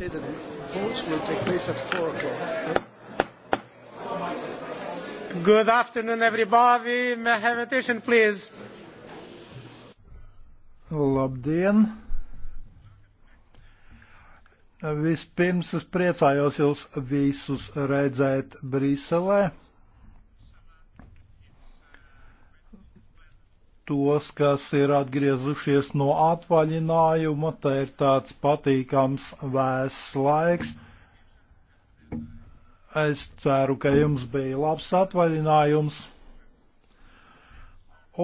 say that votes will take place at 4 o'clock. Good afternoon, everybody. May I have attention, please? Labdien! Vispirms es priecājos jūs visus redzēt Briselē. tos, kas ir atgriezušies no atvaļinājuma. Tā ir tāds patīkams vēss laiks. Es ceru, ka jums bija labs atvaļinājums.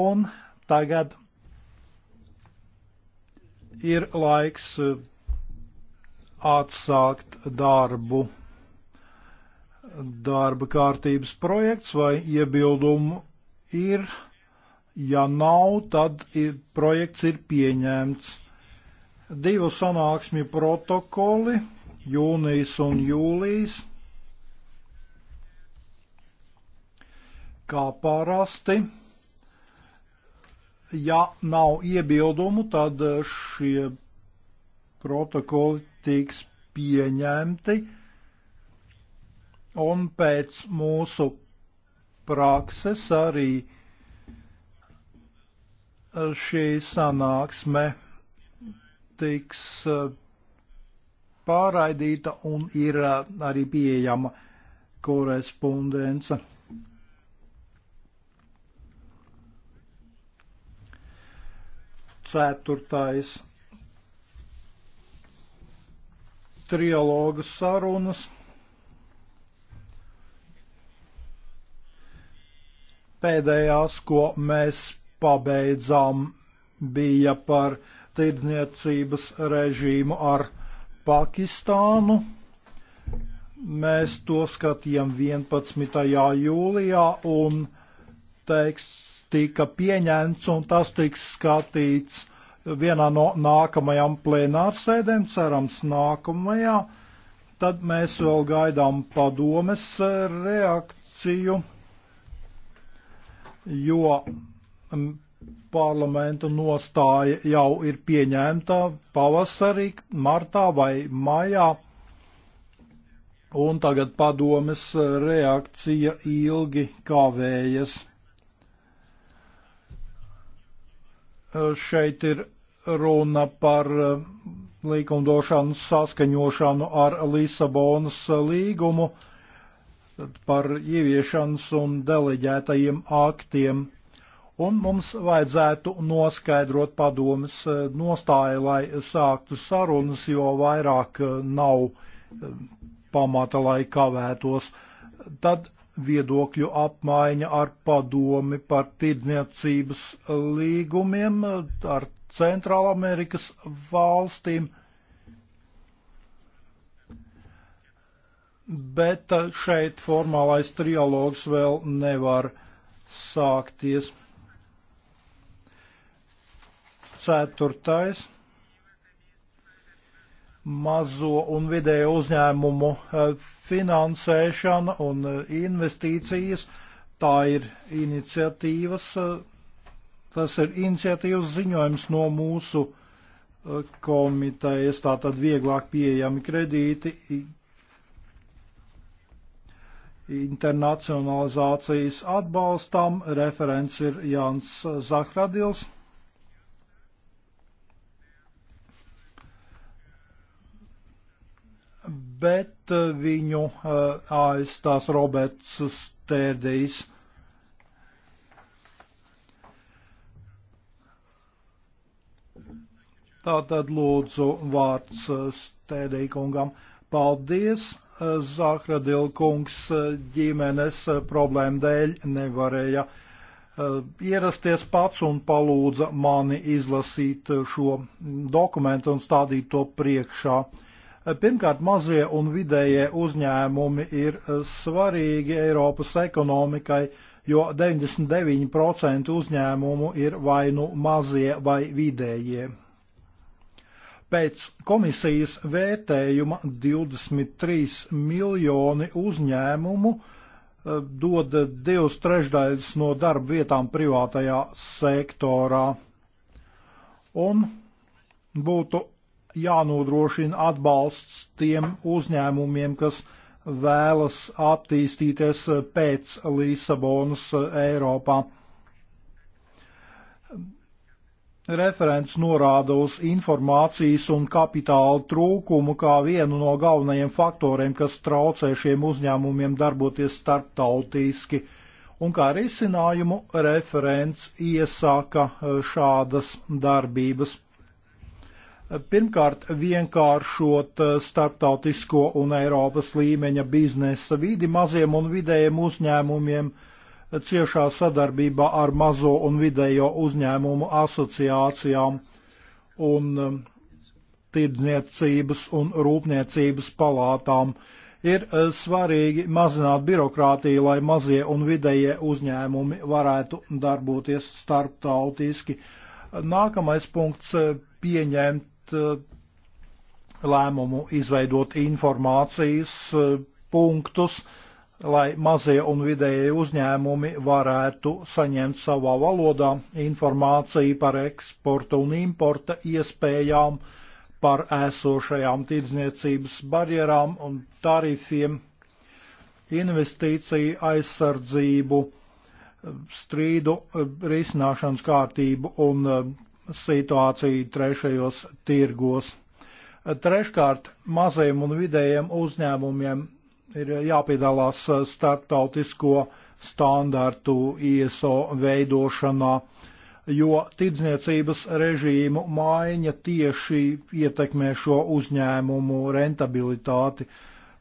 Un tagad ir laiks eh, atsākt darbu. Darba kārtības projekts vai iebildumu ir. Ja nav, tad ir, projekts ir pieņemts. Divu sanāksmju protokoli - jūnijas un jūlijas. Kā parasti, ja nav iebildumu, tad šie protokoli tiks pieņemti. Un pēc mūsu prakses arī šī sanāksme tiks eh, pārraidīta un ir eh, arī pieejama korespondence. Ceturtais trialoga sarunas. Pēdējās, ko mēs pabeidzām, bija par tirdzniecības režīmu ar Pakistānu. Mēs to skatījām 11. jūlijā un teiks, tika pieņemts un tas tiks skatīts vienā no nākamajām plenārsēdēm, cerams nākamajā. Tad mēs vēl gaidām padomes reakciju, jo parlamenta nostāja jau ir pieņemta pavasarī, martā vai maijā, un tagad padomes e, reakcija ilgi kavējas. E, šeit ir runa par e, likumdošanas saskaņošanu ar Lisabonas līgumu, par ieviešanas un deleģētajiem aktiem un mums vajadzētu noskaidrot padomas eh, nostāju, lai sāktu sarunas, jo vairāk eh, nav eh, pamata, lai kavētos. Tad viedokļu apmaiņa ar padomi par tirdzniecības līgumiem ar Centrālamerikas valstīm. Bet šeit formālais trialogs vēl nevar sākties. Ceturtais - mazo un vidēju uzņēmumu e, finansēšana un e, investīcijas. Tā ir iniciatīvas, e, tas ir iniciatīvas ziņojums no mūsu komitejas, tātad vieglāk pieejami kredīti, internacionalizācijas atbalstam. Referents ir Jānis Zahradils. bet eh, viņu eh, aizstās Roberts Stērdijs. Tātad lūdzu vārds eh, Stērdijkungam. Paldies! Zahradilkungs ģimenes problēmu dēļ nevarēja ierasties pats un palūdza mani izlasīt šo dokumentu un stādīt to priekšā. Uh, Pirmkārt, mazie un vidējie uzņēmumi ir e, svarīgi Eiropas ekonomikai, jo 99% uzņēmumu ir vai nu mazie vai vidējie. Pēc komisijas vērtējuma 23 miljoni uzņēmumu e, dod divas trešdaļas no darba vietām privātajā sektorā. Un būtu jānodrošina atbalsts tiem uzņēmumiem, kas vēlas attīstīties pēc Lisabonas Eiropā. Referents norāda uz informācijas un kapitāla trūkumu kā vienu no galvenajiem faktoriem, kas traucē šiem uzņēmumiem darboties starptautiski, un kā risinājumu referents iesaka šādas darbības. Pirmkārt, vienkāršot eh, starptautisko un Eiropas līmeņa biznesa vidi maziem un vidējiem uzņēmumiem ciešā sadarbībā ar mazo un vidējo uzņēmumu asociācijām un eh, tirdzniecības un rūpniecības palātām. Ir eh, svarīgi mazināt birokrātiju, lai mazie un vidējie uzņēmumi varētu darboties starptautiski. Nākamais punkts - pieņemt Eh, lēmumu izveidot informācijas eh, punktus, lai mazie un vidējie uzņēmumi varētu saņemt savā valodā informāciju par eksporta un importa iespējām, par esošajām tirdzniecības barjerām un tarifiem, investīciju aizsardzību, strīdu eh, risināšanas kārtību un situāciju trešajos tirgos. Treškārt, mazajiem un vidējiem uzņēmumiem ir jāpiedalās starptautisko standartu ISO veidošanā, jo tirdzniecības režīmu maiņa tieši ietekmē šo uzņēmumu rentabilitāti.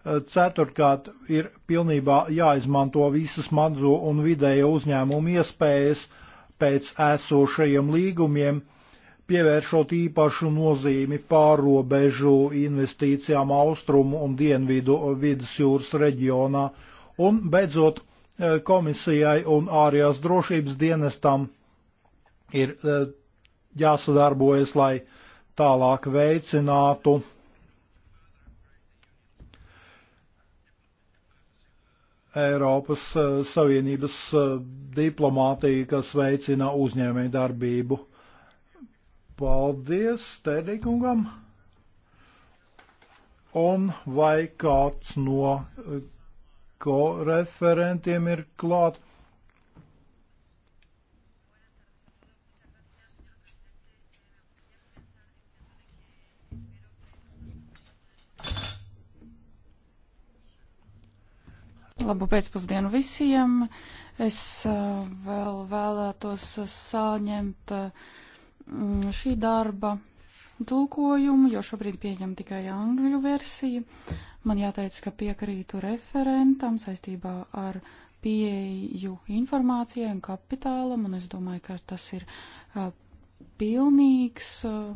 Ceturtkārt, ir pilnībā jāizmanto visas mazo un vidējo uzņēmumu iespējas pēc esošajiem līgumiem pievēršot īpašu nozīmi pārobežu investīcijām austrumu un dienvidu eh, vidusjūras reģionā, un beidzot eh, komisijai un ārējās drošības dienestam ir eh, jāsadarbojas, lai tālāk veicinātu Eiropas Savienības diplomātiju, kas veicina uzņēmējdarbību. darbību. Paldies Tēdīkungam. Un vai kāds no eh, ko referentiem ir klāt? Labu pēcpusdienu visiem. Es eh, vēl vēlētos saņemt uh, Mm, šī darba tulkojumu, jo šobrīd pieņem tikai angļu versiju. Man jāteic, ka piekrītu referentam saistībā ar pieeju informācijai un kapitālam, un es domāju, ka tas ir uh, pilnīgs uh,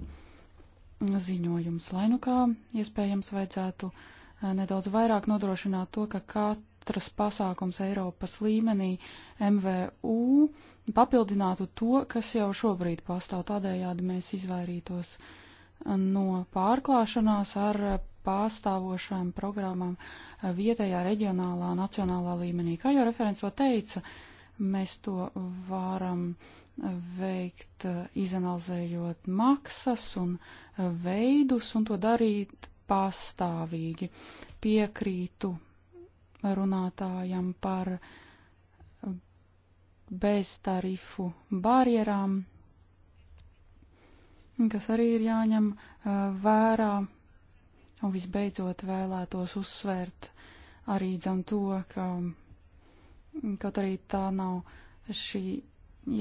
ziņojums. Lai nu kā, iespējams, vajadzētu uh, nedaudz vairāk nodrošināt to, ka katrs pasākums Eiropas līmenī MVU papildinātu to, kas jau šobrīd pastāv. Tādējādi mēs izvairītos uh, no pārklāšanās ar uh, pārstāvošām programmām uh, vietējā, reģionālā, nacionālā līmenī. Kā jau referents to teica, mēs to varam veikt, izanalizējot maksas un veidus un to darīt pastāvīgi. Piekrītu runātājam par uh, bez tarifu barjerām, kas arī ir jāņem eh, vērā. Un visbeidzot vēlētos uzsvērt arī dzem to, ka mm, kaut arī tā nav šī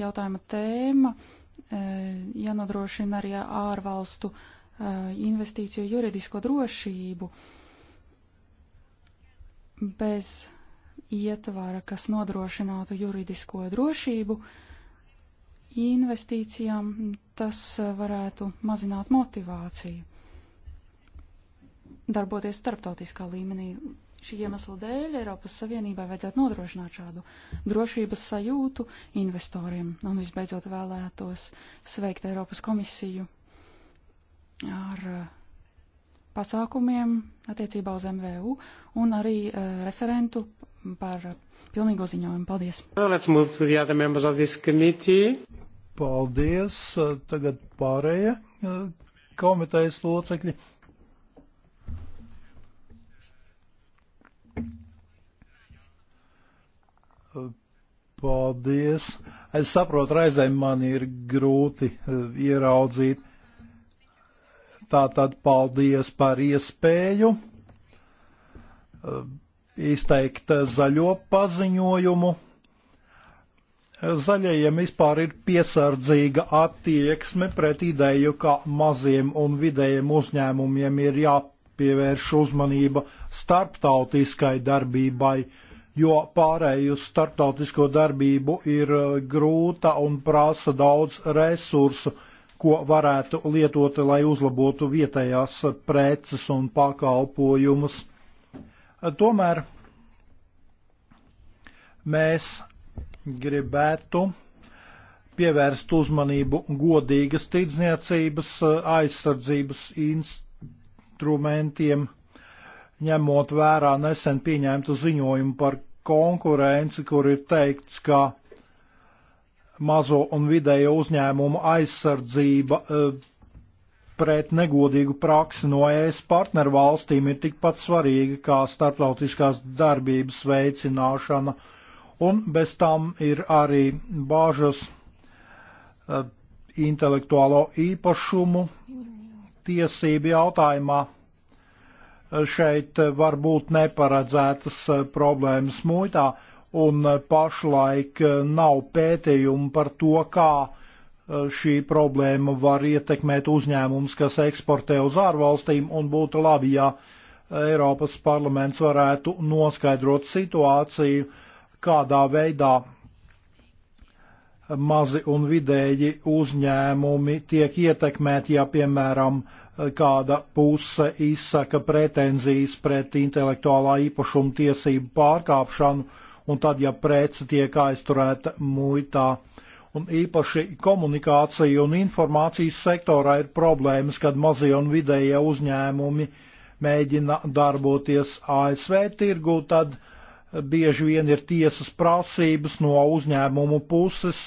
jautājuma tēma, eh, jānodrošina arī ārvalstu eh, investīciju juridisko drošību bez ietvara, kas nodrošinātu juridisko drošību investīcijām, tas eh, varētu mazināt motivāciju. Darboties starptautiskā līmenī, šī iemesla dēļ Eiropas Savienībai vajadzētu nodrošināt šādu drošības sajūtu investoriem. Un visbeidzot vēlētos sveikt Eiropas komisiju ar uh, pasākumiem attiecībā uz MVU un arī uh, referentu par pilnīgo ziņojumu. Paldies! Paldies! Tagad pārējie eh, komitejas locekļi. Paldies! Es saprotu, reizēm man ir grūti eh, ieraudzīt Tātad paldies par iespēju eh, izteikt zaļo paziņojumu. Zaļajiem vispār ir piesardzīga attieksme pret ideju, ka maziem un vidējiem uzņēmumiem ir jāpievērš uzmanība starptautiskai darbībai, jo pārēju starptautisko darbību ir eh, grūta un prasa daudz resursu ko varētu lietot, lai uzlabotu vietējās preces un pakalpojumus. Tomēr mēs gribētu pievērst uzmanību godīgas tirdzniecības aizsardzības instrumentiem, ņemot vērā nesen pieņemtu ziņojumu par konkurenci, kur ir teikts, ka mazo un vidējo uzņēmumu aizsardzība eh, pret negodīgu praksi no ES partneru valstīm ir tikpat svarīga kā starptautiskās darbības veicināšana, un bez tam ir arī bāžas eh, intelektuālo īpašumu tiesību jautājumā. Eh, šeit var būt neparedzētas problēmas muitā, un eh, pašlaik eh, nav pētījumu par to, kā eh, šī problēma var ietekmēt uzņēmums, kas eksportē uz ārvalstīm, un būtu labi, ja Eiropas parlaments varētu noskaidrot situāciju, kādā veidā mazi un vidēji uzņēmumi tiek ietekmēti, ja, piemēram, kāda puse izsaka pretenzijas pret intelektuālā īpašuma tiesību pārkāpšanu un tad, ja prece tiek aizturēta muitā. Un īpaši komunikācija un informācijas sektorā ir problēmas, kad mazie un vidējie uzņēmumi mēģina darboties ASV tirgu, tad eh, bieži vien ir tiesas prasības no uzņēmumu puses,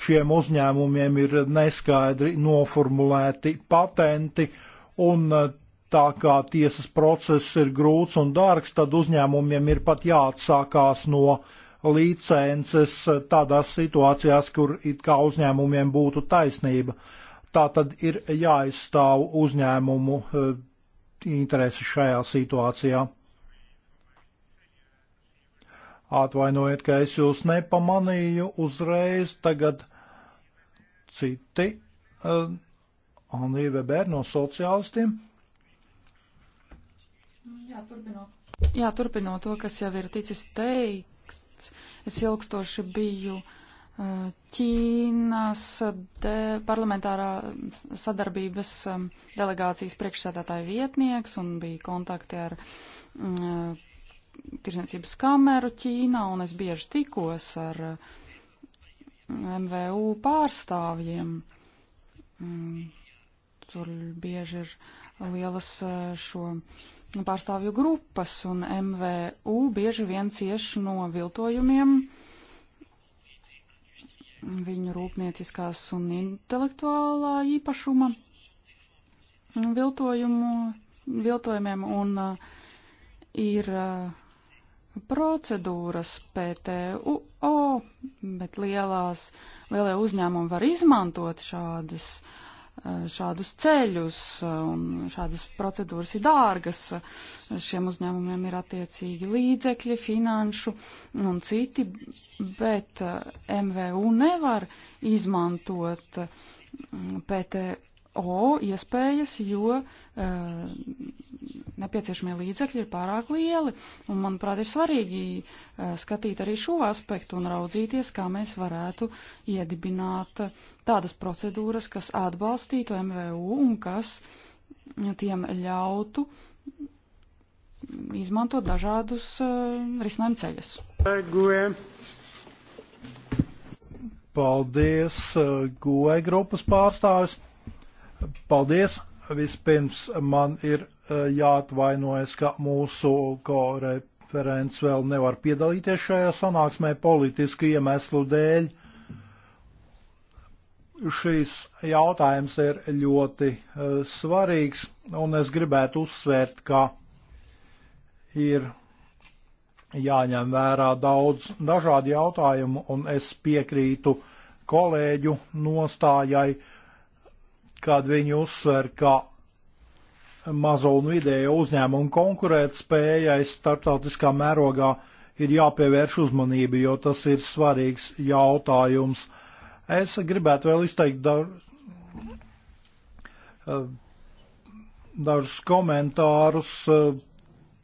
šiem uzņēmumiem ir neskaidri noformulēti patenti, un eh, tā kā tiesas process ir grūts un dārgs, tad uzņēmumiem ir pat jāatsākās no licences tādās situācijās, kur it kā uzņēmumiem būtu taisnība. Tā tad ir jāizstāv uzņēmumu e, interesi šajā situācijā. Atvainojiet, ka es jūs nepamanīju uzreiz, tagad citi, uh, Anī Weber no sociālistiem. Nu, jā, turpinot. Jā, turpinot to, kas jau ir ticis teikts, es ilgstoši biju uh, Ķīnas uh, de, parlamentārā sadarbības um, delegācijas priekšsēdētāja vietnieks un bija kontakti ar mm, uh, tirsniecības kameru Ķīnā, un es bieži tikos ar MVU pārstāvjiem. Mm, tur bieži ir lielas šo. Uh, pārstāvju grupas, un MVU bieži vien cieš no viltojumiem viņu rūpnieciskās un intelektuālā īpašuma viltojumu, viltojumiem, un uh, ir uh, procedūras PTO, bet lielās, lielie uzņēmumi var izmantot šādas uh, Eh, šādus ceļus, eh, un šādas procedūras ir dārgas. Šiem uzņēmumiem ir attiecīgi līdzekļi, finanšu un citi, bet eh, MVU nevar izmantot mm, PTU O iespējas, jo e, nepieciešamie līdzekļi ir pārāk lieli. Un, manuprāt, ir svarīgi e, skatīt arī šo aspektu un raudzīties, kā mēs varētu iedibināt tādas procedūras, kas atbalstītu MVU un kas tiem ļautu izmantot dažādus e, risinājumu ceļus. Paldies, e, Goe grupas pārstāvis. Paldies! Vispirms man ir e, jāatvainojas, ka mūsu koreferents vēl nevar piedalīties šajā sanāksmē politisku iemeslu dēļ. Šīs jautājums ir ļoti e, svarīgs, un es gribētu uzsvērt, ka ir jāņem vērā daudz dažādu jautājumu, un es piekrītu kolēģu nostājai kad viņi uzsver, ka mazo un vidējo uzņēmumu konkurētspējai starptautiskā mērogā ir jāpievērš uzmanība, jo tas ir svarīgs jautājums. Es gribētu vēl izteikt dar... Eh, dažus komentārus, eh,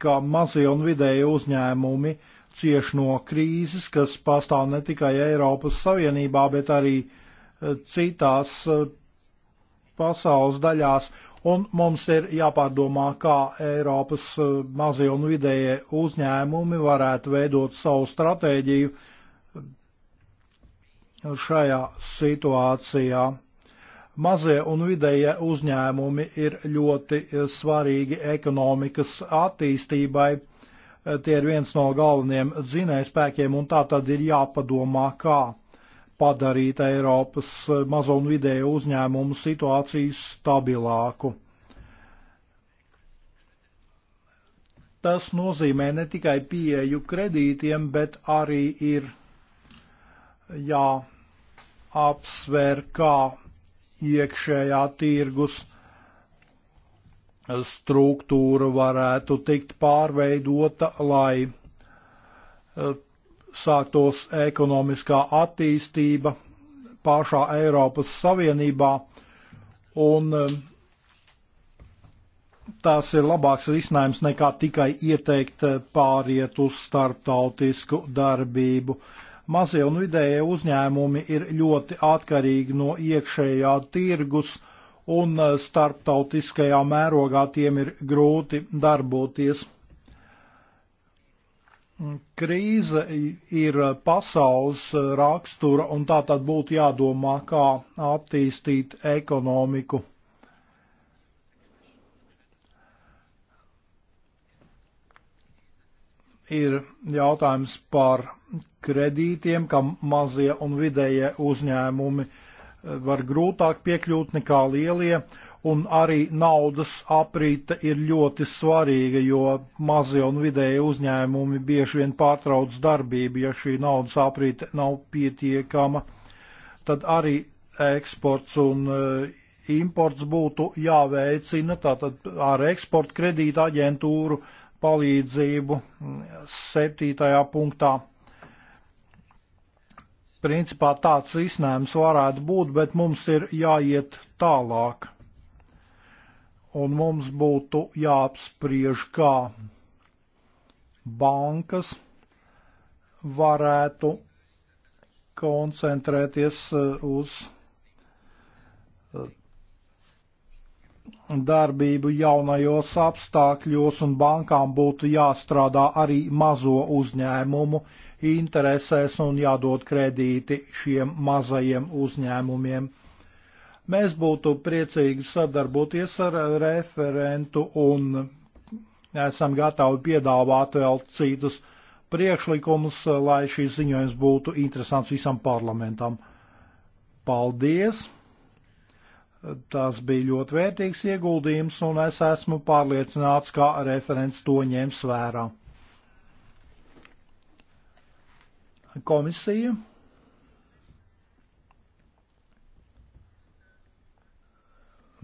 ka mazie un vidēji uzņēmumi cieši no krīzes, kas pastāv ne tikai Eiropas Savienībā, bet arī eh, citās pasaules daļās, un mums ir jāpārdomā, kā Eiropas eh, mazie un vidējie uzņēmumi varētu veidot savu stratēģiju šajā situācijā. Mazie un vidējie uzņēmumi ir ļoti eh, svarīgi ekonomikas attīstībai. Eh, tie ir viens no galvenajiem dzinējspēkiem, un tā tad ir jāpadomā, kā padarīt Eiropas eh, mazo un vidēju uzņēmumu situāciju stabilāku. Tas nozīmē ne tikai pieeju kredītiem, bet arī ir jāapsver, kā iekšējā tirgus struktūra varētu tikt pārveidota, lai eh, sāktos ekonomiskā attīstība pašā Eiropas Savienībā, un um, tas ir labāks risinājums nekā tikai ieteikt uh, pāriet uz starptautisku darbību. Mazie un vidējie uzņēmumi ir ļoti atkarīgi no iekšējā tirgus, un uh, starptautiskajā mērogā tiem ir grūti darboties. Krīze ir pasaules rakstura, un tā tad būtu jādomā, kā attīstīt ekonomiku. Ir jautājums par kredītiem, kam mazie un vidējie uzņēmumi var grūtāk piekļūt nekā lielie, uh, un arī naudas aprīte ir ļoti svarīga, jo mazie un vidēji uzņēmumi bieži vien pārtrauc darbību, ja šī naudas aprīte nav pietiekama. Tad arī eksports un e, imports būtu jāveicina, tātad ar eksporta kredīta aģentūru palīdzību septītajā punktā. Principā tāds risinājums varētu būt, bet mums ir jāiet tālāk un mums būtu jāapspriež, kā bankas varētu koncentrēties uh, uz uh, darbību jaunajos apstākļos, un bankām būtu jāstrādā arī mazo uzņēmumu interesēs un jādod kredīti šiem mazajiem uzņēmumiem. Mēs būtu priecīgi sadarboties ar referentu un esam gatavi piedāvāt vēl citus priekšlikumus, lai šīs ziņojums būtu interesants visam parlamentam. Paldies! Tas bija ļoti vērtīgs ieguldījums, un es esmu pārliecināts, ka referents to ņems vērā. Komisija.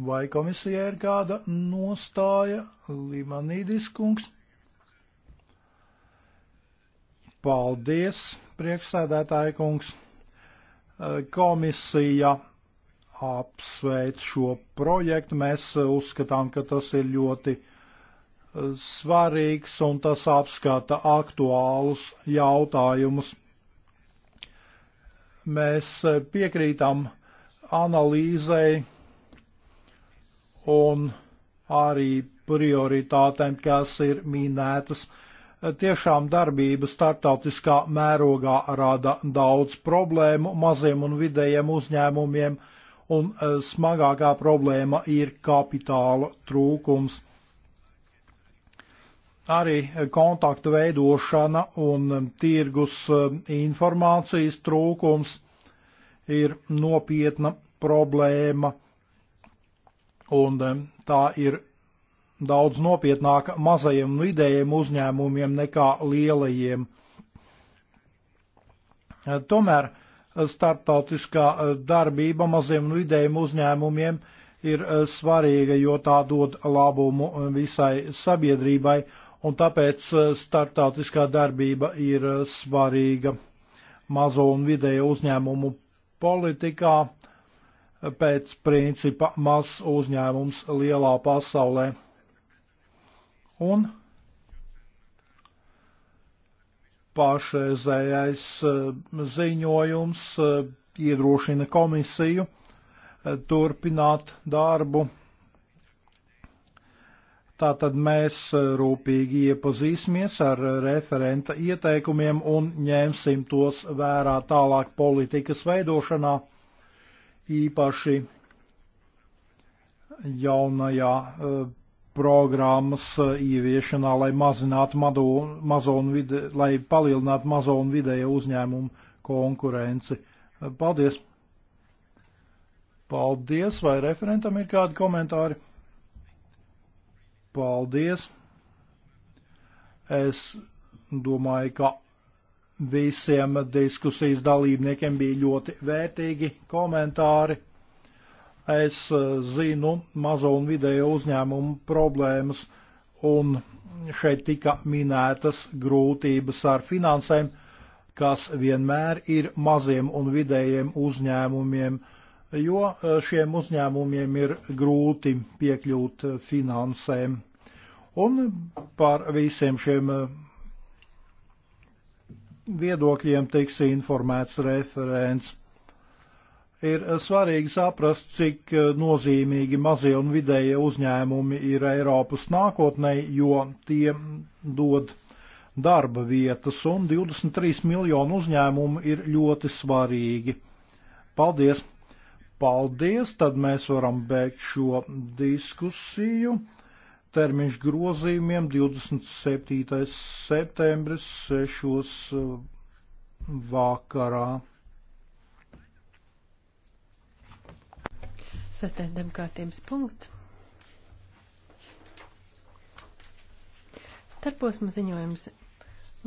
Vai komisijai ir kāda nostāja, Limanīdis kungs? Paldies, priekšsēdētāji kungs. Eh, komisija apsveic šo projektu. Mēs uzskatām, ka tas ir ļoti eh, svarīgs un tas apskata aktuālus jautājumus. Mēs eh, piekrītam analīzei, un arī prioritātēm, kas ir minētas. Tiešām darbība starptautiskā mērogā rada daudz problēmu maziem un vidējiem uzņēmumiem, un e, smagākā problēma ir kapitāla trūkums. Arī kontaktu veidošana un tirgus e, informācijas trūkums ir nopietna problēma Un tā ir daudz nopietnāka mazajiem un vidējiem uzņēmumiem nekā lielajiem. Tomēr starptautiskā darbība maziem un vidējiem uzņēmumiem ir svarīga, jo tā dod labumu visai sabiedrībai, un tāpēc starptautiskā darbība ir svarīga mazo un vidējo uzņēmumu politikā pēc principa mazs uzņēmums lielā pasaulē. Un pašreizējais eh, ziņojums eh, iedrošina komisiju eh, turpināt darbu. Tātad mēs rūpīgi iepazīsimies ar referenta ieteikumiem un ņemsim tos vērā tālāk politikas veidošanā īpaši jaunajā e, programmas e, ieviešanā, lai mazinātu mado, mazo un vide, lai palielinātu mazo un vidējo uzņēmumu konkurenci. E, paldies! Paldies! Vai referentam ir kādi komentāri? Paldies! Es domāju, ka visiem diskusijas dalībniekiem bija ļoti vērtīgi komentāri. Es eh, zinu mazo un vidējo uzņēmumu problēmas, un šeit tika minētas grūtības ar finansēm, kas vienmēr ir maziem un vidējiem uzņēmumiem, jo eh, šiem uzņēmumiem ir grūti piekļūt eh, finansēm. Un par visiem šiem viedokļiem tiks informēts referents. Ir svarīgi saprast, cik eh, nozīmīgi mazie un vidējie uzņēmumi ir Eiropas nākotnē, jo tie dod darba vietas, un 23 miljonu uzņēmumu ir ļoti svarīgi. Paldies! Paldies! Tad mēs varam beigt šo diskusiju termiņš grozījumiem 27. septembris 6. Eh, vakarā. Sastēdam kārtības punkts. Starposma ziņojums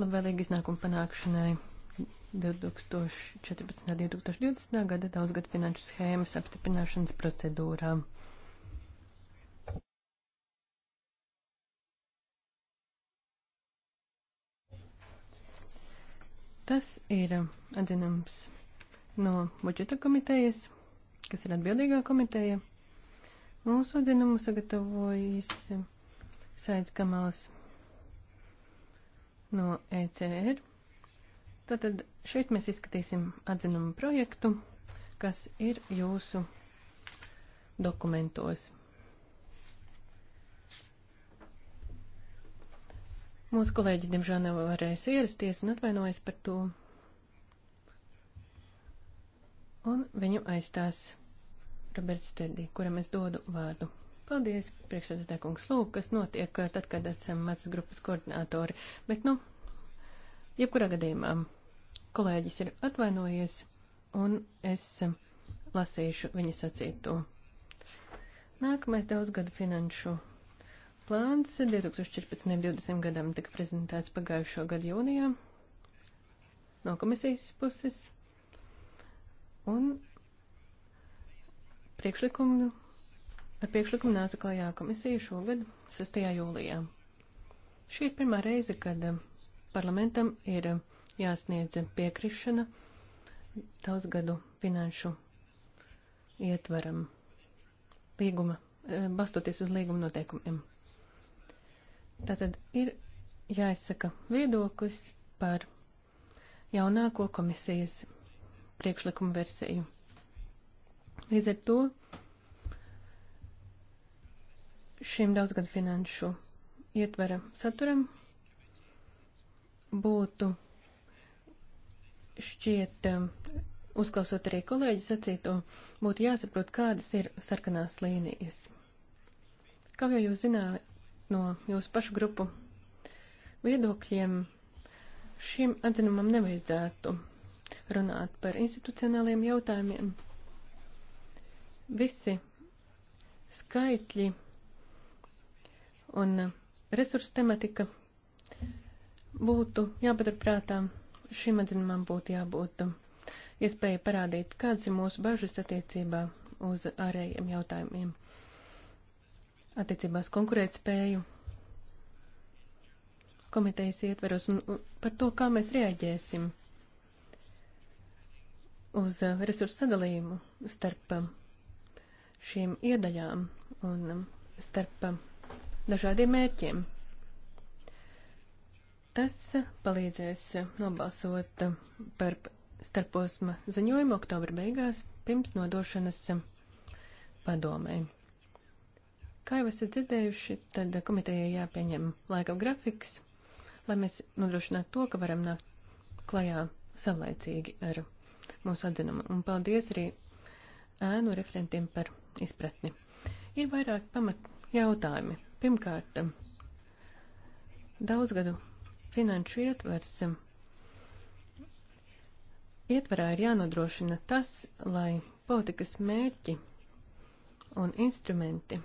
labvēlīgi iznākuma panākšanai 2014. un 2020. gada daudzgad finanšu schēmas apstiprināšanas procedūrām. Tas ir atzinums no budžeta komitejas, kas ir atbildīgā komiteja. Mūsu atzinumu sagatavojas Saids Kamals no ECR. Tātad šeit mēs izskatīsim atzinumu projektu, kas ir jūsu dokumentos. Mūsu kolēģi, diemžēl, nevarēs ierasties un atvainojas par to. Un viņu aizstās Roberts Teddy, kuram es dodu vārdu. Paldies, priekšsēdētāj kungs, lūk, kas notiek uh, tad, kad esam mazas grupas koordinātori. Bet, nu, jebkurā gadījumā kolēģis ir atvainojies un es um, lasīšu viņa sacīto. Nākamais daudzgada finanšu Plāns 2014-2020 gadam tika prezentēts pagājušo gadu jūnijā no komisijas puses. Un priekšlikumu, ar priekšlikumu nāca klajā komisija šogad 6. jūlijā. Šī ir pirmā reize, kad parlamentam ir jāsniedz piekrišana daudzgadu finanšu ietvaram līguma, eh, balstoties uz līguma noteikumiem. Tātad ir jāizsaka viedoklis par jaunāko komisijas priekšlikumu versiju. Līdz ar to šim daudzgad finanšu ietvera saturam būtu šķiet, um, uzklausot arī kolēģi sacīto, būtu jāsaprot, kādas ir sarkanās līnijas. Kā jau jūs zināt, no jūsu pašu grupu viedokļiem šim atzinumam nevajadzētu runāt par institucionāliem jautājumiem. Visi skaitļi un resursu tematika būtu jāpaturprātā, šim atzinumam būtu jābūt iespēja parādīt, kādas ir mūsu bažas attiecībā uz ārējiem jautājumiem attiecībās konkurētspēju komitejas ietveros un par to, kā mēs reaģēsim uz uh, resursu sadalījumu starp um, šīm iedaļām un um, starp um, dažādiem mērķiem. Tas uh, palīdzēs uh, nobalsot par starposma ziņojumu oktobra beigās pirms nodošanas padomēm. Kā jau esat dzirdējuši, tad komitejai jāpieņem laika grafiks, lai mēs nodrošinātu to, ka varam nākt klajā savlaicīgi ar mūsu atzinumu. Un paldies arī ēnu referentiem par izpratni. Ir vairāk pamat jautājumi. Pirmkārt, daudzgadu finanšu ietvers. Ietvarā ir jānodrošina tas, lai politikas mērķi un instrumenti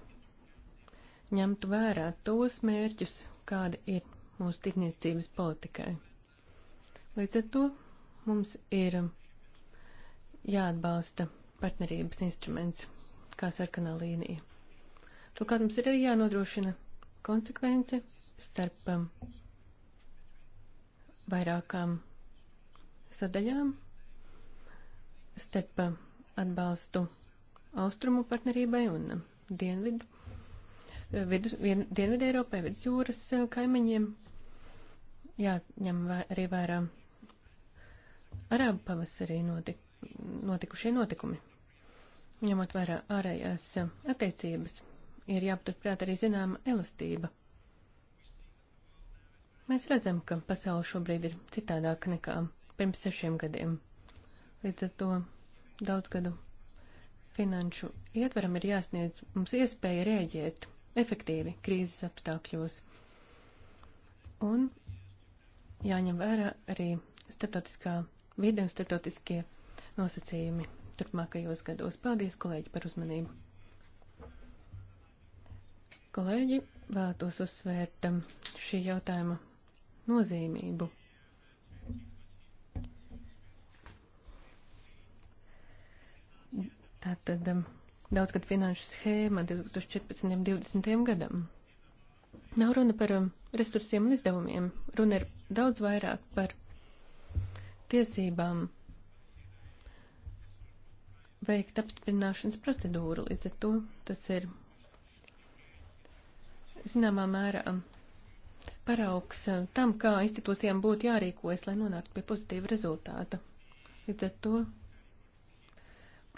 ņemtu vērā tos mērķus, kāda ir mūsu tirniecības politikai. Līdz ar to mums ir jāatbalsta partnerības instruments, kā sarkanā līnija. Turklāt mums ir arī jānodrošina konsekvence starp um, vairākām sadaļām, starp um, atbalstu austrumu partnerībai un um, dienvidu vidus, vien, Dienvidu Eiropai, vidusjūras eh, kaimiņiem. Jāņem arī vērā Arābu pavasarī notik, notikušie notikumi. Ņemot vērā ārējās eh, attiecības, ir jāpaturprāt arī zināma elastība. Mēs redzam, ka pasaule šobrīd ir citādāka nekā pirms sešiem gadiem. Līdz ar to daudzgadu finanšu ietveram ir jāsniedz mums iespēja rēģēt efektīvi krīzes apstākļos. Un jāņem vērā arī starptautiskā vide un starptautiskie nosacījumi turpmākajos gados. Paldies, kolēģi, par uzmanību. Kolēģi vēlētos uzsvērt um, šī jautājuma nozīmību. Tātad um, daudzgad finanšu schēma 2014-2020 gadam. Nav runa par um, resursiem un izdevumiem, runa ir daudz vairāk par tiesībām veikt apstiprināšanas procedūru. Līdz ar to tas ir zināmā mērā paraugs um, tam, kā institūcijām būtu jārīkojas, lai nonāktu pie pozitīva rezultāta. Līdz ar to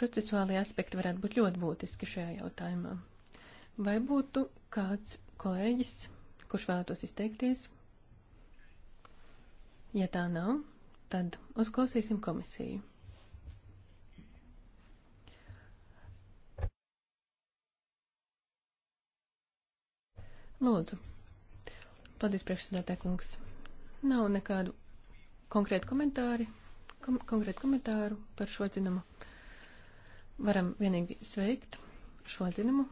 Procesuālie aspekti varētu būt ļoti būtiski šajā jautājumā. Vai būtu kāds kolēģis, kurš vēlētos izteikties? Ja tā nav, tad uzklausīsim komisiju. Lūdzu. Paldies, priekšsēdētāj kungs. Nav nekādu konkrētu komentāru, kom, konkrētu komentāru par šo dzinumu varam vienīgi sveikt šo dzinumu.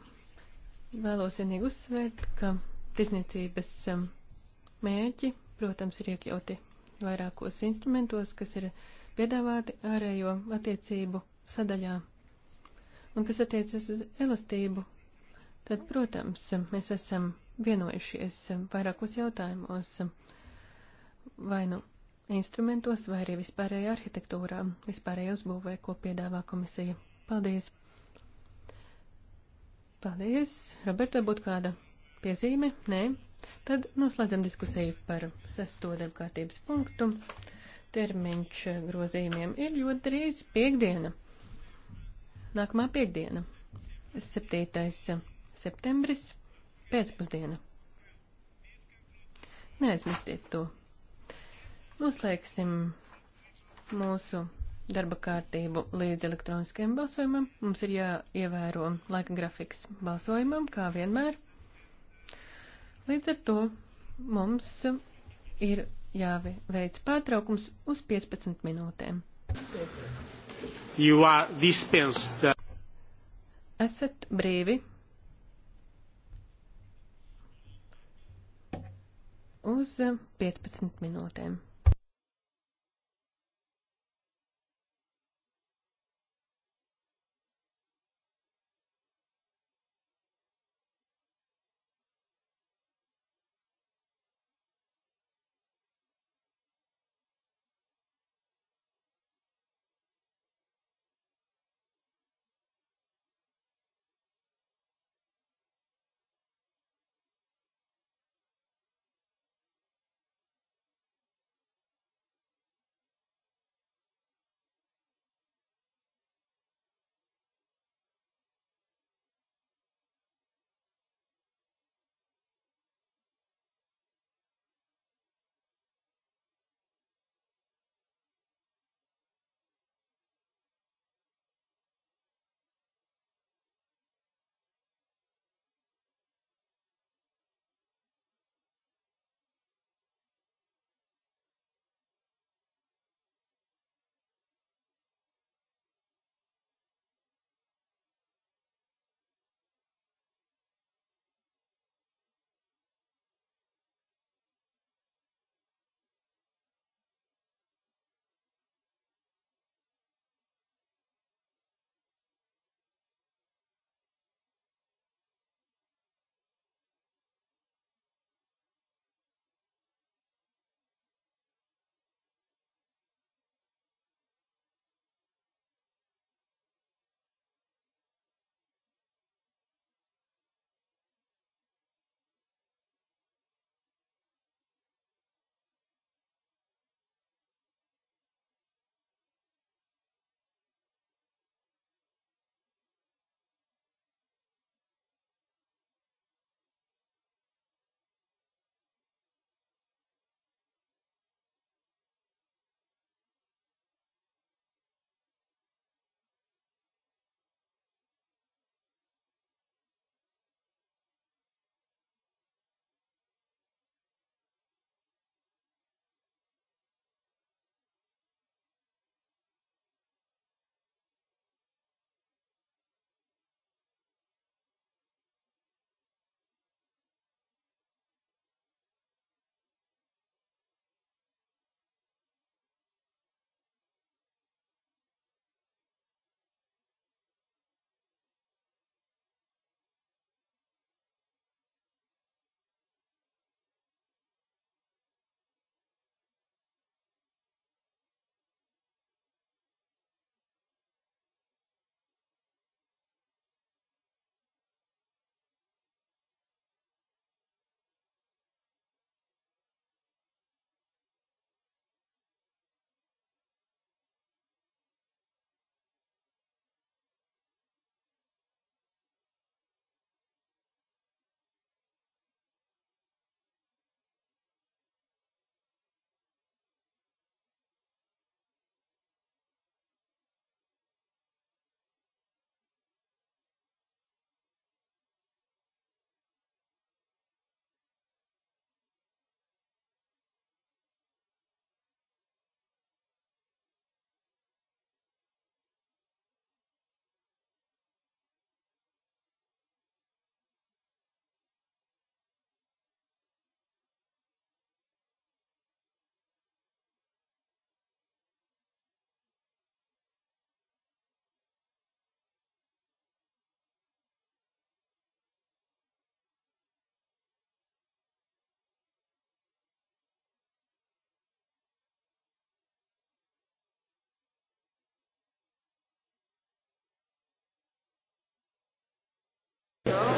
Vēlos vienīgi uzsvērt, ka tiesniecības um, mērķi, protams, ir iekļauti vairākos instrumentos, kas ir piedāvāti ārējo attiecību sadaļā. Un kas attiecas uz elastību, tad, protams, mēs esam vienojušies um, vairākos jautājumos, um, vai nu instrumentos, vai arī vispārējā arhitektūrā, vispārējā uzbūvē, ko piedāvā komisija. Paldies! Paldies! Roberta, vai būtu kāda piezīme? Nē. Tad noslēdzam diskusiju par sesto darbkārtības punktu. Termiņš grozījumiem ir ļoti drīz piekdiena. Nākamā piekdiena. 7. septembris pēcpusdiena. Neaizmirstiet to. Noslēgsim mūsu darba kārtību līdz elektroniskajam balsojumam. Mums ir jāievēro laika grafiks balsojumam, kā vienmēr. Līdz ar to mums ir jāveic pārtraukums uz 15 minūtēm. Esat brīvi. Uz 15 minūtēm.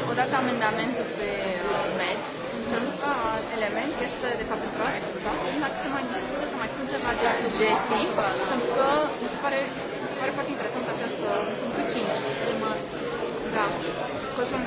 Ho dat amendamentul pe uh, uh, med, pentru că element este de fapt pentru asta, dacă se mai discută, să mai spun ceva de sugestii, pentru că mi se pare, mi se pare foarte interesant această punctul 5. Uh, da. Cosmul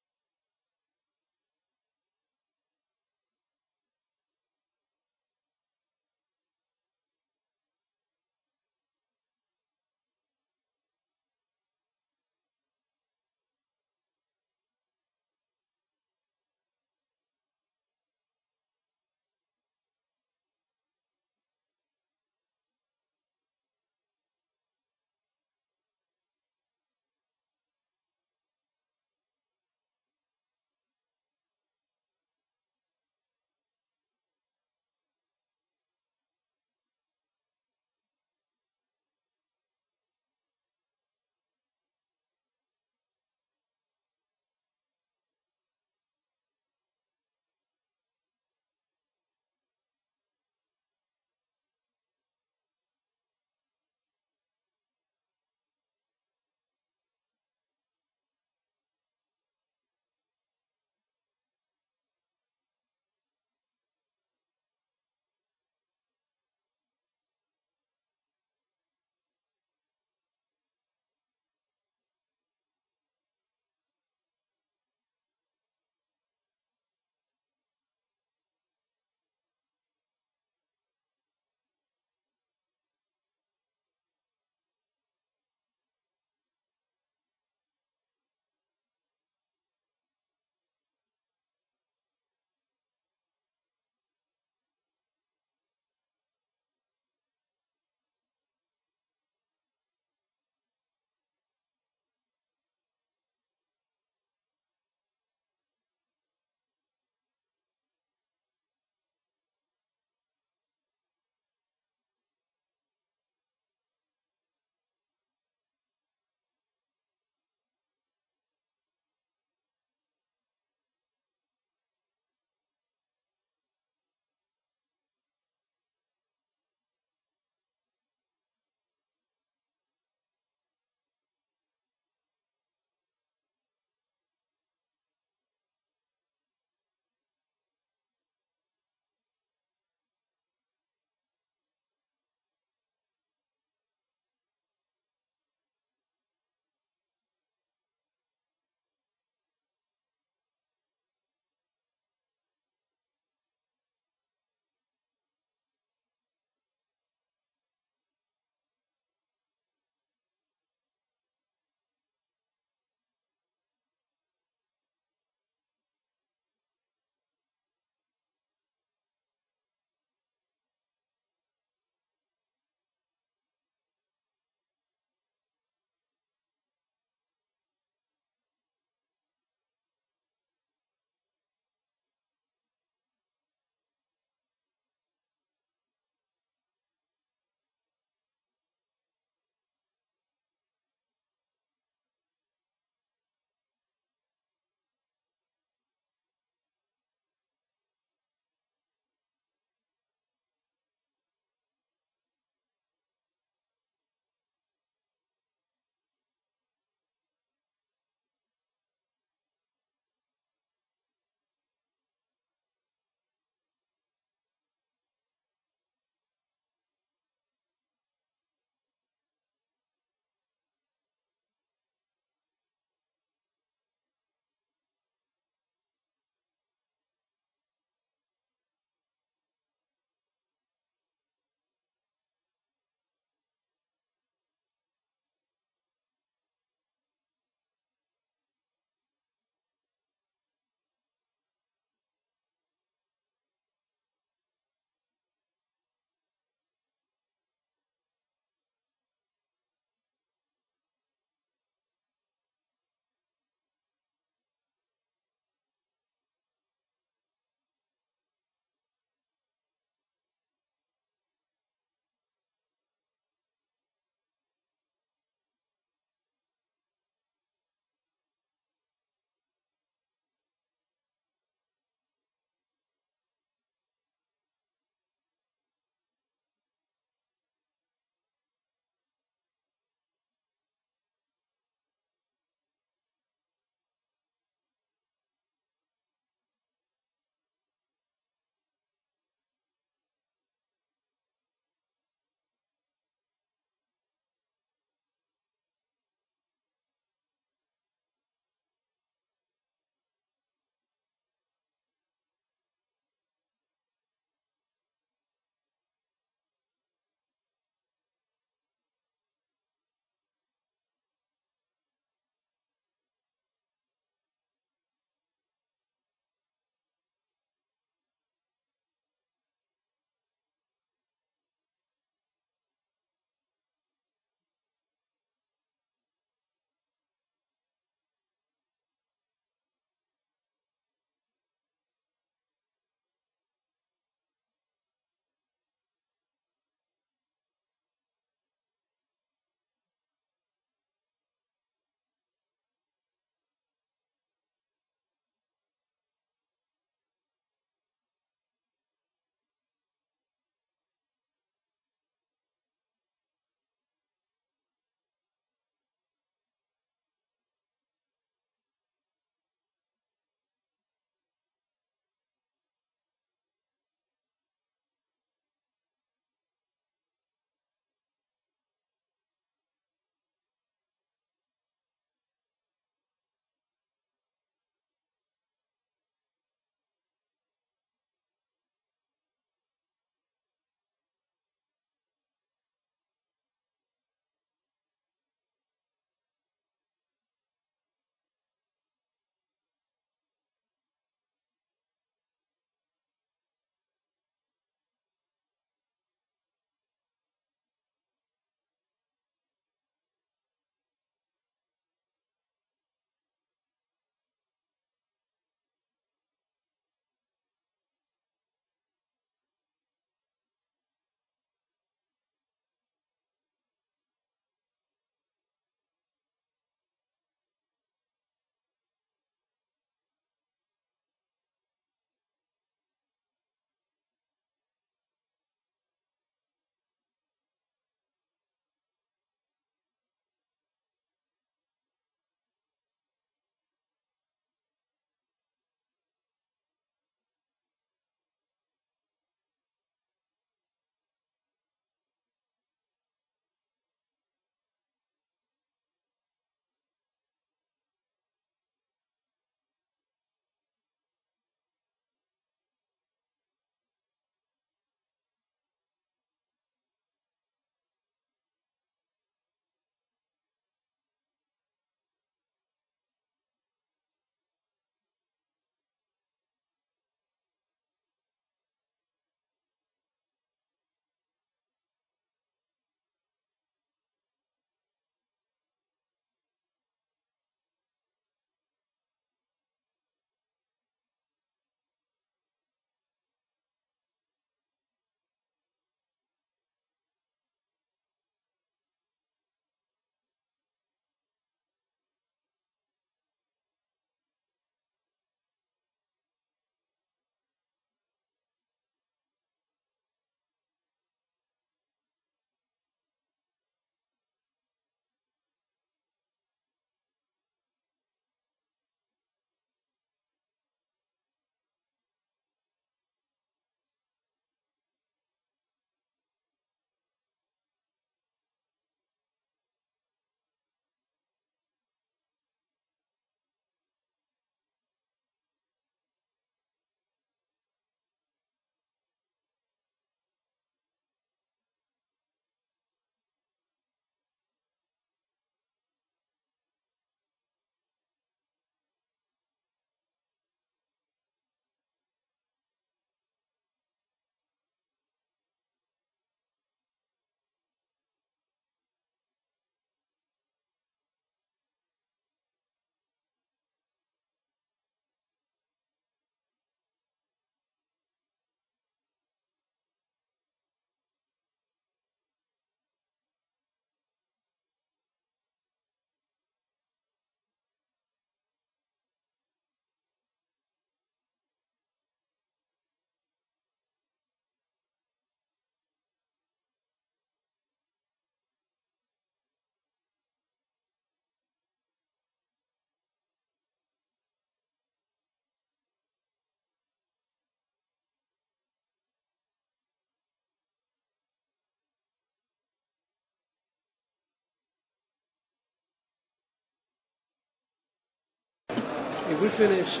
we finish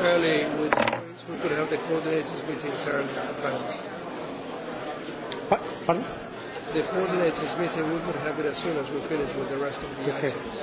early with points, we could have the coordinators' meetings early in advance. Pardon? The coordinators' meeting, we could have it as soon as we finish with the rest of the okay. items.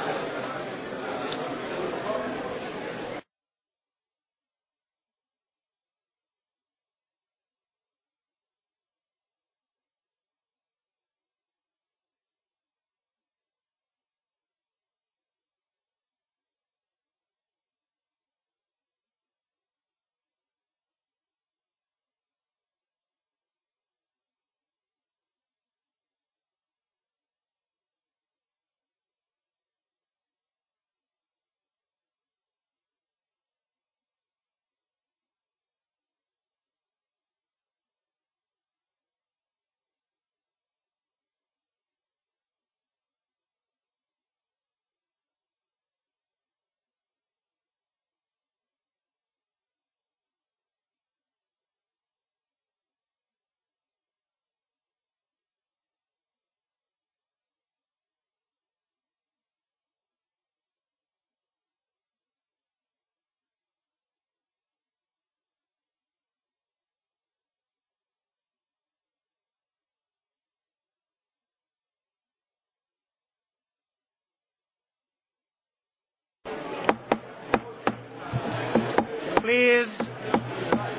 please.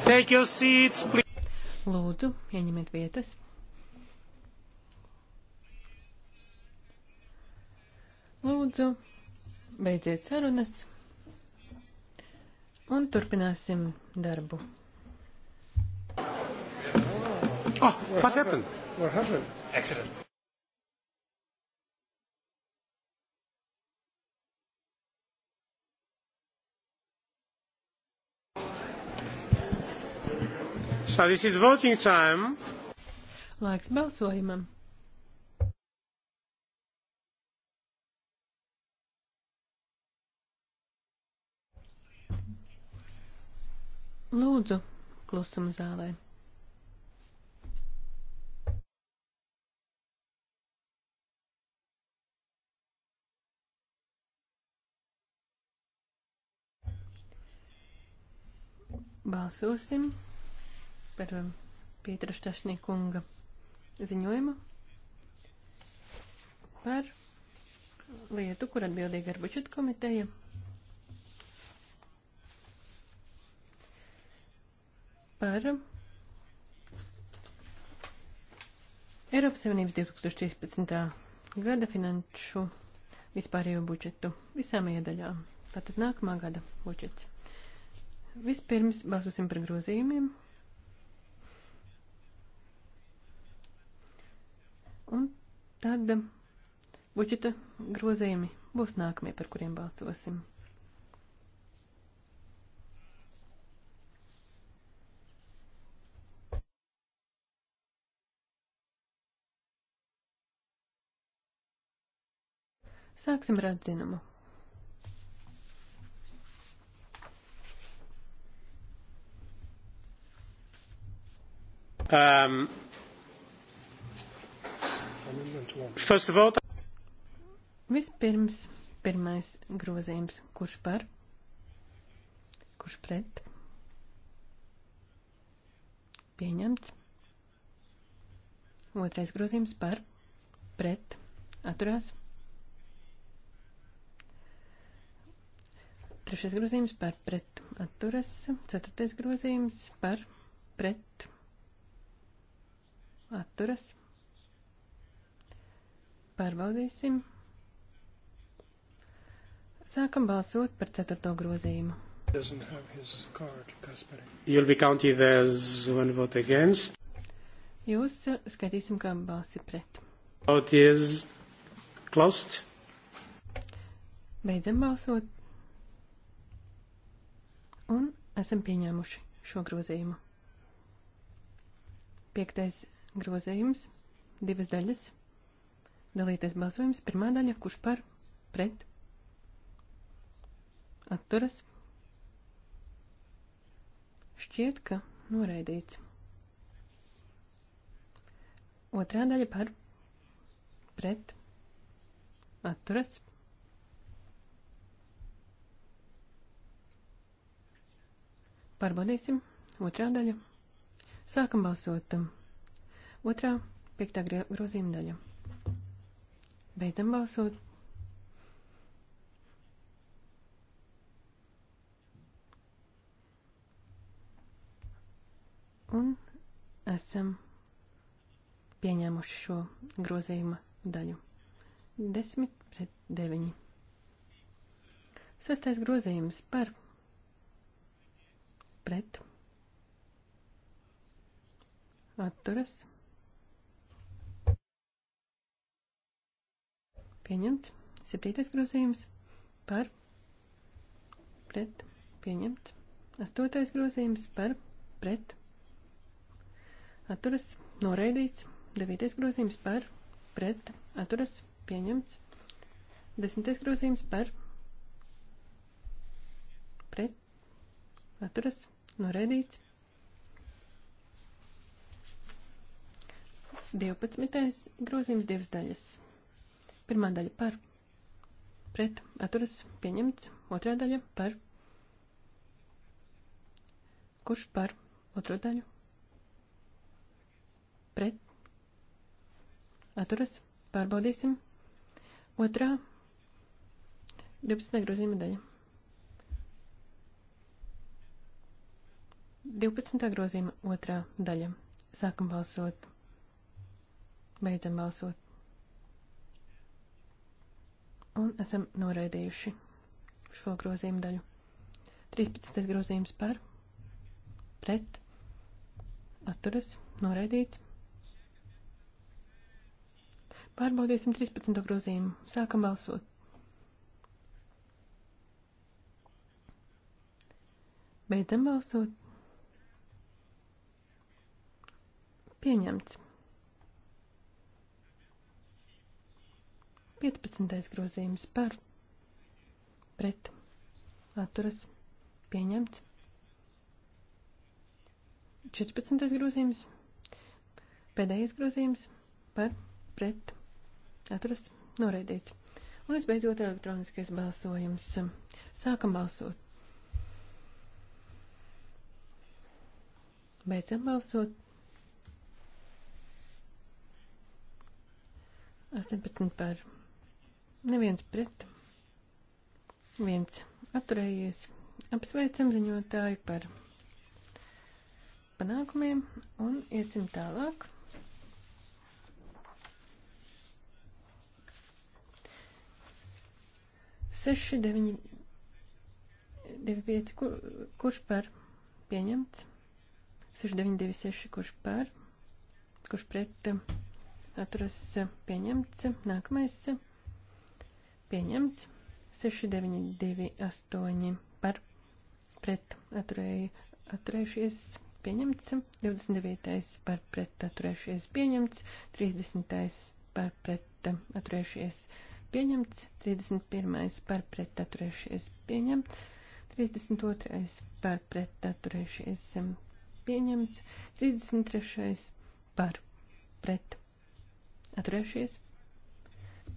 Take your seats, please. Lūdzu, ieņemiet vietas. Lūdzu, beidziet sarunas un turpināsim darbu. Oh, what happened? What happened? Accident. So this is voting time. Laiks balsojumam. Lūdzu, klusuma zālē. Balsosim par um, Pietra Štašniekunga ziņojumu par lietu, kur atbildīga ir budžeta komiteja. Par Eiropas Savienības 2013. gada finanšu vispārējo budžetu visām iedaļām. Tātad nākamā gada budžets. Vispirms balsosim par grozījumiem. Tad budžeta grozījumi būs nākamie, par kuriem balsosim. Sāksim ar atzinumu. Um, Vispirms pirmais grozījums, kurš par, kurš pret. Pieņemts. Otrais grozījums par, pret, atturās. Trešais grozījums par, pret, atturas. Ceturtais grozījums par, pret, atturas. Pārbaudīsim. Sākam balsot par ceturto grozījumu. Card, Jūs uh, skaitīsim, kā balsi pret. Vote is closed. Beidzam balsot. Un esam pieņēmuši šo grozījumu. Piektais grozījums, divas daļas. Dalīties balsojums. Pirmā daļa, kurš par, pret, atturas. Šķiet, ka noraidīts. Otrā daļa par, pret, atturas. Pārbaudīsim. Otrā daļa. Sākam balsot. Otrā, piektā grozījuma daļa. Beidzam balsot. Un esam pieņēmuši šo grozījuma daļu. 10 pret 9. Sastais grozījums par pret atturas pieņemts. Septītais grozījums par pret pieņemts. Astotais grozījums par pret atturas noraidīts. Devītais grozījums par pret atturas pieņemts. Desmitais grozījums par pret atturas noraidīts. 12. grozījums divas daļas. Pirmā daļa par pret atturas pieņemts. Otrā daļa par. Kurš par otro daļu? Pret atturas pārbaudīsim. Otrā 12. grozījuma daļa. 12. grozījuma otrā daļa. Sākam balsot. Beidzam balsot un esam noraidījuši šo grozījumu daļu. 13. grozījums par, pret, atturas, noraidīts. Pārbaudīsim 13. grozījumu. Sākam balsot. Beidzam balsot. Pieņemts. 15. grozījums par pret atturas pieņemts. 14. grozījums pēdējais grozījums par pret atturas noraidīts. Un visbeidzot elektroniskais balsojums. Sākam balsot. Beidzam balsot. 18 par neviens pret, viens atturējies. Apsveicam ziņotāju par panākumiem un iesim tālāk. Seši, deviņi, divi pieci, kur, kurš par pieņemts? Seši, deviņi, divi, seši, kurš par? Kurš pret atturas pieņemts? Nākamais. Nākamais. Pieņemts. 6928 par pret atturēju, atturējušies pieņemts. 29. par pret atturējušies pieņemts. 30. par pret atturējušies pieņemts. 31. par pret atturējušies pieņemts. 32. par pret atturējušies pieņemts. 33. par pret atturējušies pieņemts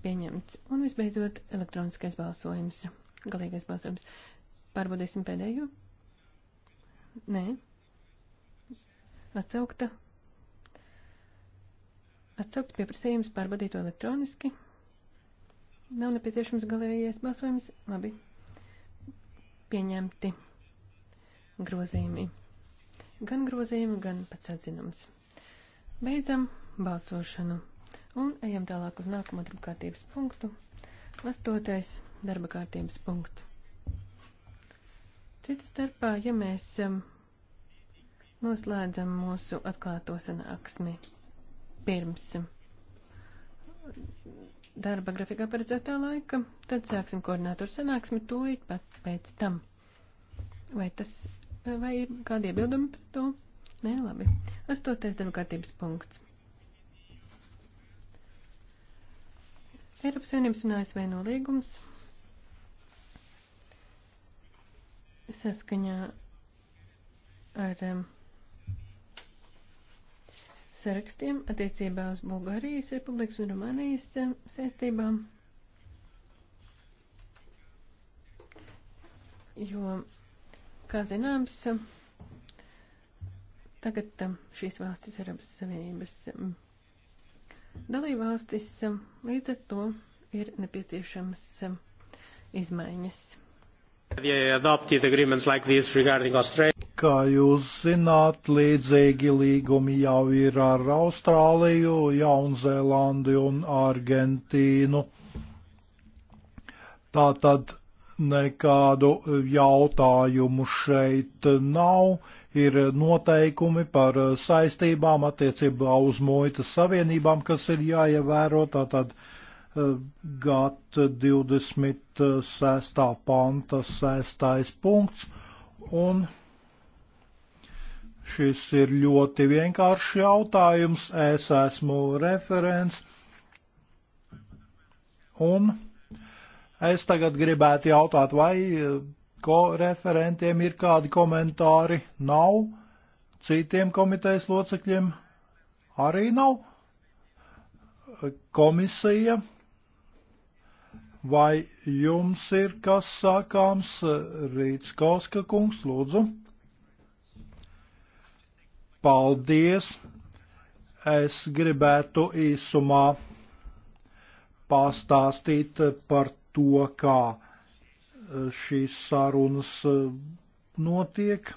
pieņemts. Un visbeidzot, elektroniskais balsojums, galīgais balsojums. Pārbaudīsim pēdējo. Nē. Atsaukta. Atsaukts pieprasījums pārbaudīt elektroniski. Nav nepieciešams galīgais balsojums. Labi. Pieņemti grozījumi. Gan grozījumi, gan pats atzinums. Beidzam balsošanu. Un ejam tālāk uz nākamo darba kārtības punktu. Astotais darba kārtības punkts. Citas starpā, ja mēs um, noslēdzam mūsu atklāto sanāksmi pirms um, darba grafikā paredzētā laika, tad sāksim koordinātoru sanāksmi tūlīt pat pēc tam. Vai tas, vai ir kādi iebildumi par to? Nē, labi. Astotais darba kārtības punkts. Eiropas Savienības un ASV nolīgums saskaņā ar um, sarakstiem attiecībā uz Bulgārijas republikas un Rumānijas um, saistībām, jo, kā zināms, tagad um, šīs valstis Eiropas Savienības. Um, dalībvalstis, um, līdz ar to ir nepieciešamas um, izmaiņas. Kā jūs zināt, līdzīgi līgumi jau ir ar Austrāliju, Jaunzēlandi un Argentīnu. Tātad nekādu e, jautājumu šeit nav. Ir noteikumi par e, saistībām attiecībā uz muitas savienībām, kas ir jāievēro. Tātad e, GATT 26. panta 6. punkts. Un šis ir ļoti vienkāršs jautājums. Es esmu referents. Un Es tagad gribētu jautāt, vai eh, koreferentiem ir kādi komentāri? Nav. Citiem komitejas locekļiem arī nav. Komisija. Vai jums ir kas sākāms, Rīts Kauska kungs, lūdzu? Paldies! Es gribētu īsumā pastāstīt par to, kā e, šīs sarunas e, notiek.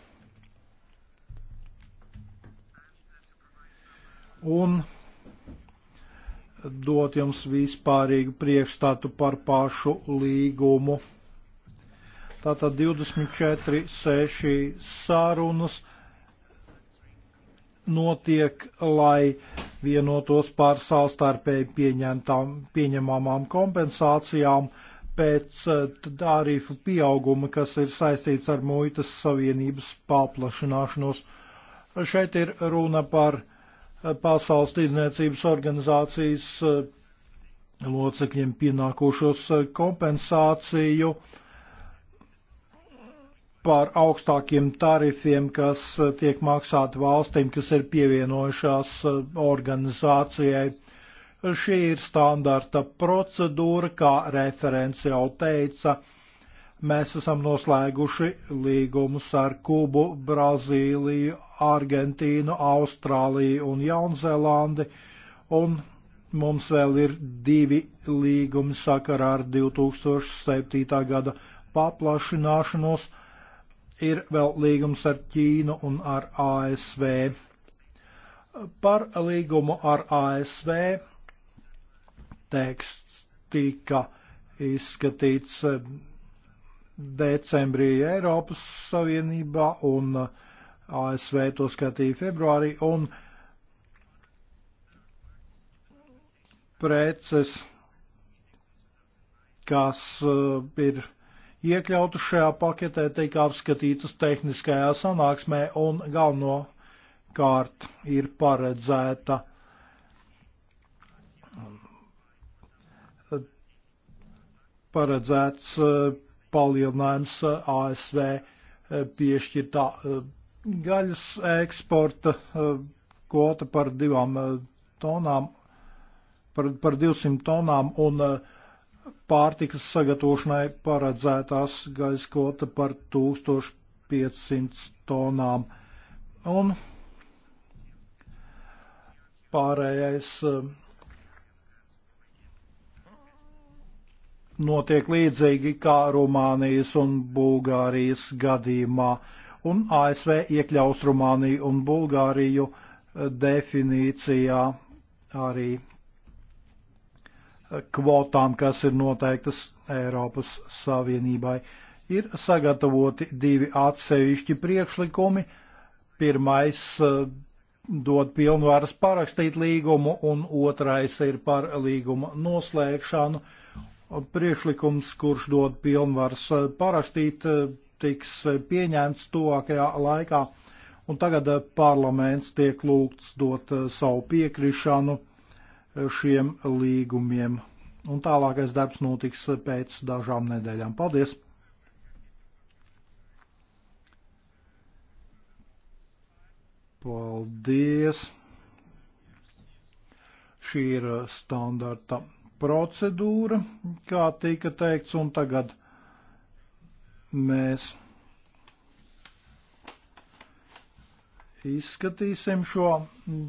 Un dot jums vispārīgu priekšstatu par pašu līgumu. Tātad 24, 6 sarunas notiek, lai vienotos par savstarpēji pieņemamām kompensācijām pēc eh, tārīfu pieauguma, kas ir saistīts ar muitas savienības paplašināšanos. Šeit ir runa par eh, Pasaules tirdzniecības organizācijas eh, locekļiem pienākošos kompensāciju uh, par augstākiem tarifiem, kas eh, tiek maksāti valstīm, kas ir pievienojušās eh, organizācijai. Šī ir standarta procedūra, kā referents jau teica. Mēs esam noslēguši līgumus ar Kubu, Brazīliju, Argentīnu, Austrāliju un Jaunzēlandi, un mums vēl ir divi līgumi sakarā ar 2007. gada paplašināšanos ir vēl līgums ar Ķīnu un ar ASV. Par līgumu ar ASV teksts tika izskatīts eh, decembrī Eiropas Savienībā un eh, ASV to skatīja februārī un preces, kas eh, ir iekļautas šajā paketē, tika apskatītas tehniskajā sanāksmē un galveno kārt ir paredzēta paredzēts eh, palielinājums eh, ASV eh, piešķirtā gaļas eksporta kvota par divām tonām, par, par 200 tonām un uh, pārtikas sagatavošanai paredzētās gaļas kvota par 1500 tonām. Un pārējais eh, notiek līdzīgi kā Rumānijas un Bulgārijas gadījumā, un ASV iekļaus Rumāniju un Bulgāriju eh, definīcijā arī kvotām, kas ir noteiktas Eiropas Savienībai. Ir sagatavoti divi atsevišķi priekšlikumi. Pirmais eh, dod pilnvaras parakstīt līgumu, un otrais ir par līguma noslēgšanu. Priekšlikums, kurš dod pilnvaras eh, parakstīt, eh, tiks pieņemts tuvākajā laikā, un tagad parlaments tiek lūgts dot savu piekrišanu šiem līgumiem. Un tālākais darbs notiks pēc dažām nedēļām. Paldies! Paldies! Šī ir standarta procedūra, kā tika teikts, un tagad mēs. izskatīsim šo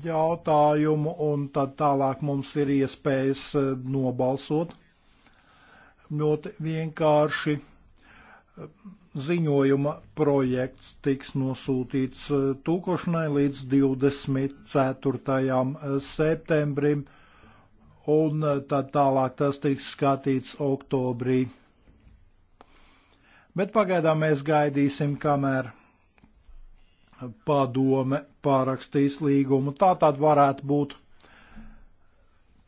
jautājumu, un tad tālāk mums ir iespējas eh, nobalsot. Ļoti vienkārši eh, ziņojuma projekts tiks nosūtīts eh, tūkošanai līdz 24. septembrim, un tad tālāk tas tiks skatīts oktobrī. Bet pagaidām mēs gaidīsim, kamēr padome pārakstīs līgumu. Tā tad varētu būt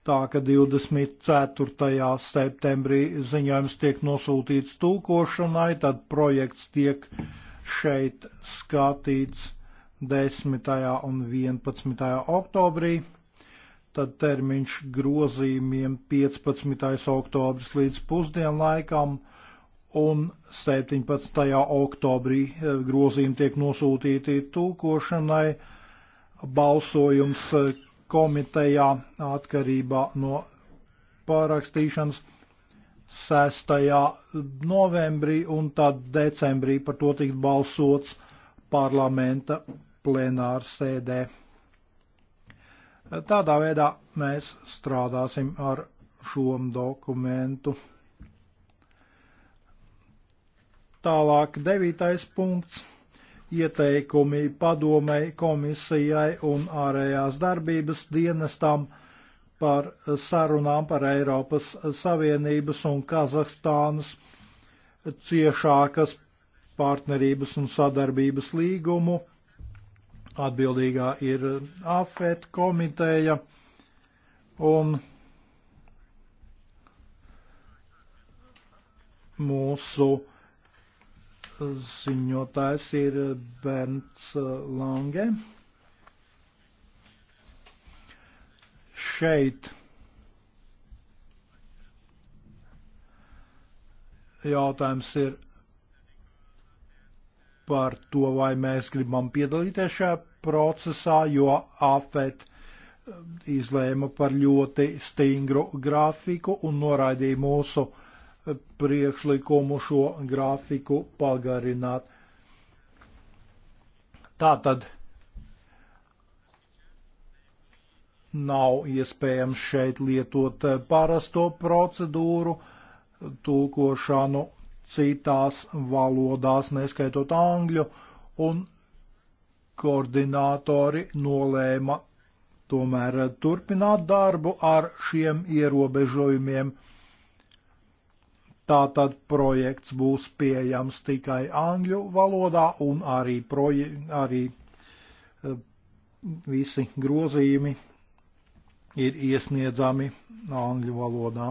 tā, ka 24. septembrī ziņojums tiek nosūtīts tulkošanai, tad projekts tiek šeit skatīts 10. un 11. oktobrī, tad termiņš grozījumiem 15. oktobris līdz pusdienlaikam laikam un 17. oktobrī eh, grozījumi tiek nosūtīti tulkošanai, balsojums eh, komitejā atkarībā no pārakstīšanas 6. novembrī un tad decembrī par to tikt balsots parlamenta plenāra sēdē. Tādā veidā mēs strādāsim ar šo dokumentu. Tālāk devītais punkts - ieteikumi padomei komisijai un ārējās darbības dienestam par sarunām par Eiropas Savienības un Kazahstānas ciešākas partnerības un sadarbības līgumu. Atbildīgā ir AFET komiteja un mūsu ziņotājs ir Bernts Lange. Šeit jautājums ir par to, vai mēs gribam piedalīties šajā procesā, jo AFET izlēma par ļoti stingru grafiku un noraidīja mūsu uh, priekšlikumu šo grafiku pagarināt. Tā tad nav iespējams šeit lietot parasto procedūru, tulkošanu citās valodās, neskaitot angļu, un koordinātori nolēma tomēr turpināt darbu ar šiem ierobežojumiem Tātad projekts būs pieejams tikai angļu valodā un arī, proje, arī eh, visi grozījumi ir iesniedzami angļu valodā.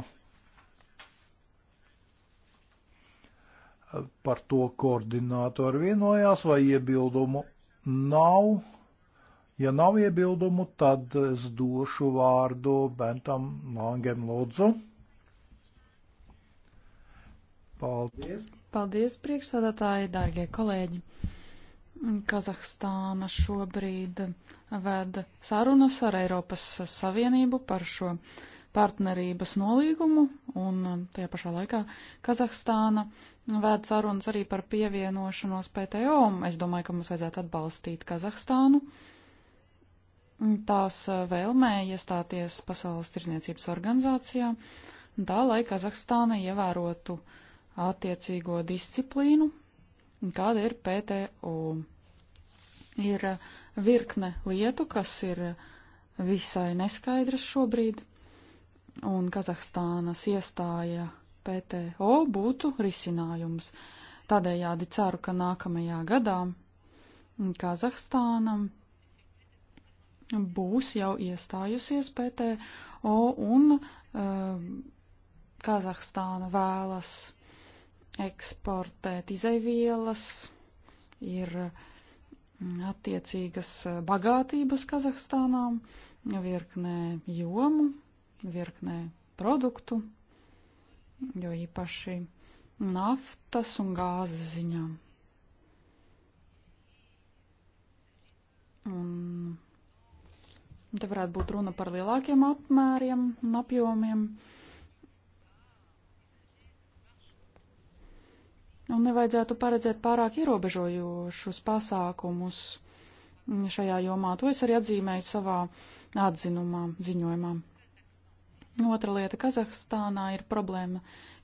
Eh, par to koordinātori vienojās, vai iebildumu nav. Ja nav iebildumu, tad es došu vārdu Bentam Langem Lodzu. Paldies! Paldies, priekšsādātāji, dārgie kolēģi! Kazahstāna šobrīd veda sarunas ar Eiropas Savienību par šo partnerības nolīgumu, un tajā pašā laikā Kazahstāna vēd sarunas arī par pievienošanos PTO. Es domāju, ka mums vajadzētu atbalstīt Kazahstānu. Tās vēlmē iestāties Pasaules tirzniecības organizācijā, tā lai Kazahstāna ievērotu uh, attiecīgo disciplīnu, kāda ir PTU. Ir uh, virkne lietu, kas ir uh, visai neskaidras šobrīd, un Kazahstānas iestāja PTO būtu risinājums. Tādējādi ceru, ka nākamajā gadā Kazahstānam būs jau iestājusies PTO un uh, Kazahstāna vēlas eksportēt izaivielas, ir mm, attiecīgas eh, bagātības Kazahstānām, virknē jomu, virknē produktu, jo īpaši naftas un gāzes ziņā. Un te varētu būt runa par lielākiem apmēriem un apjomiem. Uh, un nevajadzētu paredzēt pārāk ierobežojošus pasākumus šajā jomā. To es arī atzīmēju savā atzinumā, ziņojumā. Otra lieta - Kazahstānā ir problēma,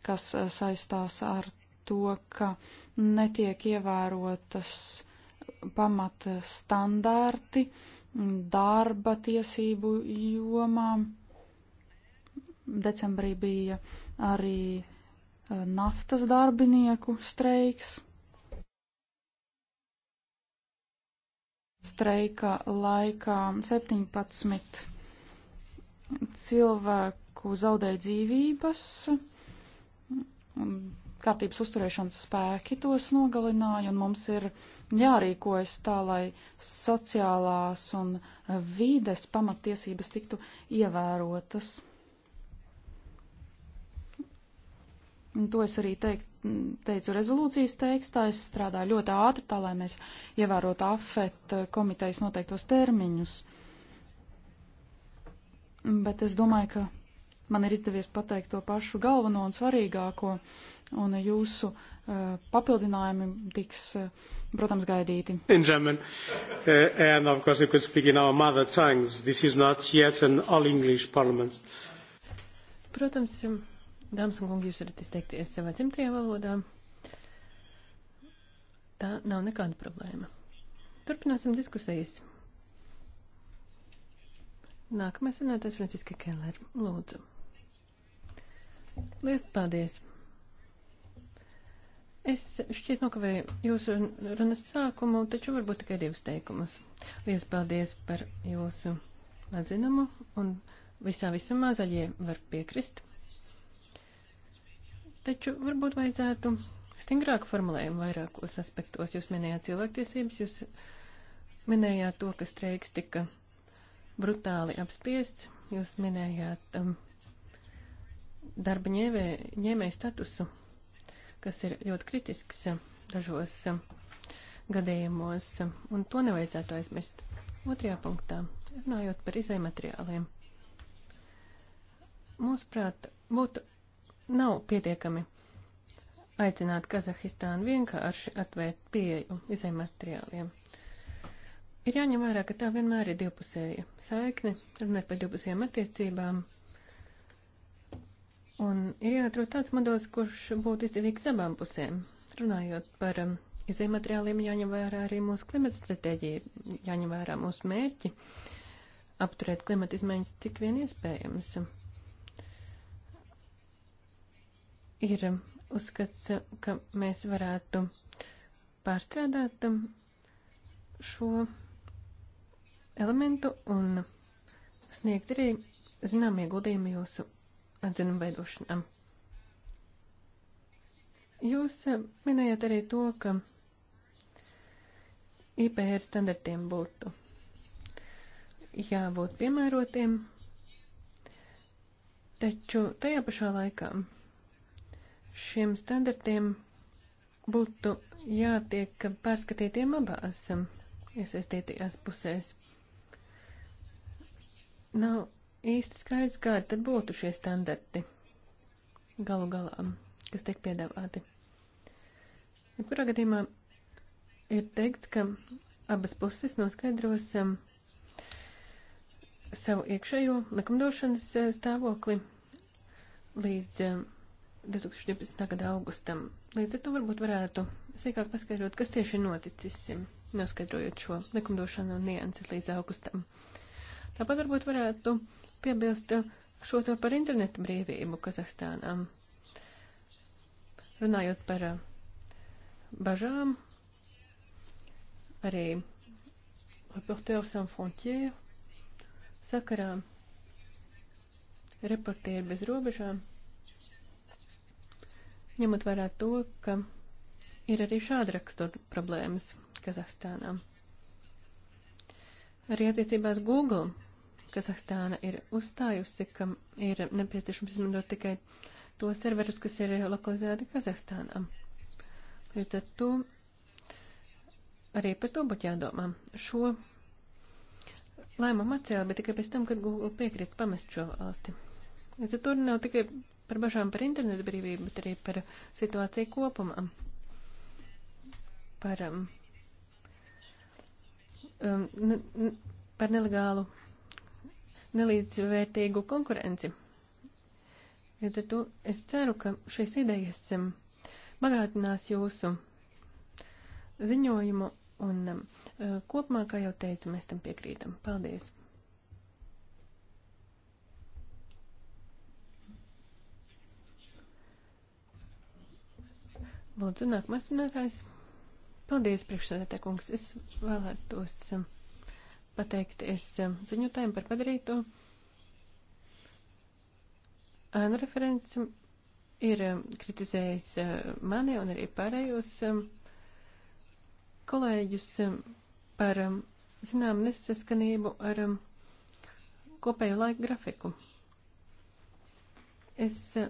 kas eh, saistās ar to, ka netiek ievērotas pamata standārti darba tiesību jomā. Decembrī bija arī Eh, naftas darbinieku streiks. Streika laikā 17 cilvēku zaudēja dzīvības, un kārtības uzturēšanas spēki tos nogalināja, un mums ir jārīkojas tā, lai sociālās un vides pamatiesības tiktu ievērotas. Un to es arī teik, teicu rezolūcijas tekstā. Es strādāju ļoti ātri, tā lai mēs ievērotu afet komitejas noteiktos termiņus. Bet es domāju, ka man ir izdevies pateikt to pašu galveno un svarīgāko, un jūsu uh, papildinājumi tiks, uh, protams, gaidīti. In German, uh, and of course you could speak in our mother tongues. This is not yet an all English parliament. Protams, jums Dāmas un kungi, jūs varat izteikties savā dzimtajā valodā. Tā nav nekāda problēma. Turpināsim diskusijas. Nākamais runātājs Franciska Keller. Lūdzu. Lies paldies. Es šķiet nokavēju jūsu runas sākumu, taču varbūt tikai divus teikumus. Lies paldies par jūsu atzinumu un visā visumā zaļie var piekrist Taču varbūt vajadzētu stingrāku formulējumu vairākos aspektos. Jūs minējāt cilvēktiesības, jūs minējāt to, ka streiks tika brutāli apspiests, jūs minējāt um, darba ņēvē, ņēmēju statusu, kas ir ļoti kritisks um, dažos um, gadījumos, um, un to nevajadzētu aizmirst. Otrajā punktā, runājot par izējumateriāliem. Mūsuprāt, būtu nav pietiekami aicināt Kazahstānu vienkārši atvērt pieeju izējiem materiāliem. Ir jāņem vērā, ka tā vienmēr ir divpusēja saikne, runāt par divpusējām attiecībām. Un ir jāatrod tāds modelis, kurš būtu izdevīgs abām pusēm. Runājot par um, izējiem materiāliem, jāņem vērā arī mūsu klimata stratēģija, jāņem vērā mūsu mērķi apturēt klimata izmaiņas cik vien iespējams. Um, ir uzskats, ka mēs varētu pārstrādāt šo elementu un sniegt arī zinām ieguldījumu jūsu atzinumu veidošanām. Jūs minējāt arī to, ka IPR standartiem būtu jābūt piemērotiem, taču tajā pašā laikā Šiem standartiem būtu jātiek pārskatītiem abās iesaistītajās pusēs. Nav īsti skaidrs, kādi tad būtu šie standarti galu galā, kas tiek piedāvāti. Jebkurā gadījumā ir teikts, ka abas puses noskaidros um, savu iekšējo likumdošanas uh, stāvokli līdz um, 2012. gada augustam. Līdz ar to varbūt varētu sīkāk paskaidrot, kas tieši ir noticis, noskaidrojot šo likumdošanu un nianses līdz augustam. Tāpat varbūt varētu piebilst šo to par internetu brīvību Kazahstānā. Runājot par eh, bažām, arī Reporters sans frontières sakarā reportieri bez robežām ņemot vērā to, ka ir arī šāda rakstura problēmas Kazahstānā. Arī attiecībās Google Kazahstāna ir uzstājusi, ka ir nepieciešams izmantot tikai tos serverus, kas ir lokalizēti Kazahstānā. Līdz ar to arī par to būtu jādomā. Šo lēmumu atcēla, bet tikai pēc tam, kad Google piekrita pamest šo valsti. Līdz ar to nav tikai par bažām par internetu brīvību, bet arī par situāciju kopumā. Par, um, ne, um, ne, par nelegālu, nelīdzvērtīgu konkurenci. Līdz ar to es ceru, ka šīs idejas um, bagātinās jūsu ziņojumu un um, uh, kopumā, kā jau teicu, mēs tam piekrītam. Paldies! Lūdzu, nākamais runātājs. Paldies, priekšsēdētāj kungs. Es vēlētos um, pateikties um, ziņotājiem par padarīto. Ēnu referents um, ir kritizējis uh, mani un arī pārējos kolēģus par zinām nesaskanību ar kopēju laika grafiku. Es uh,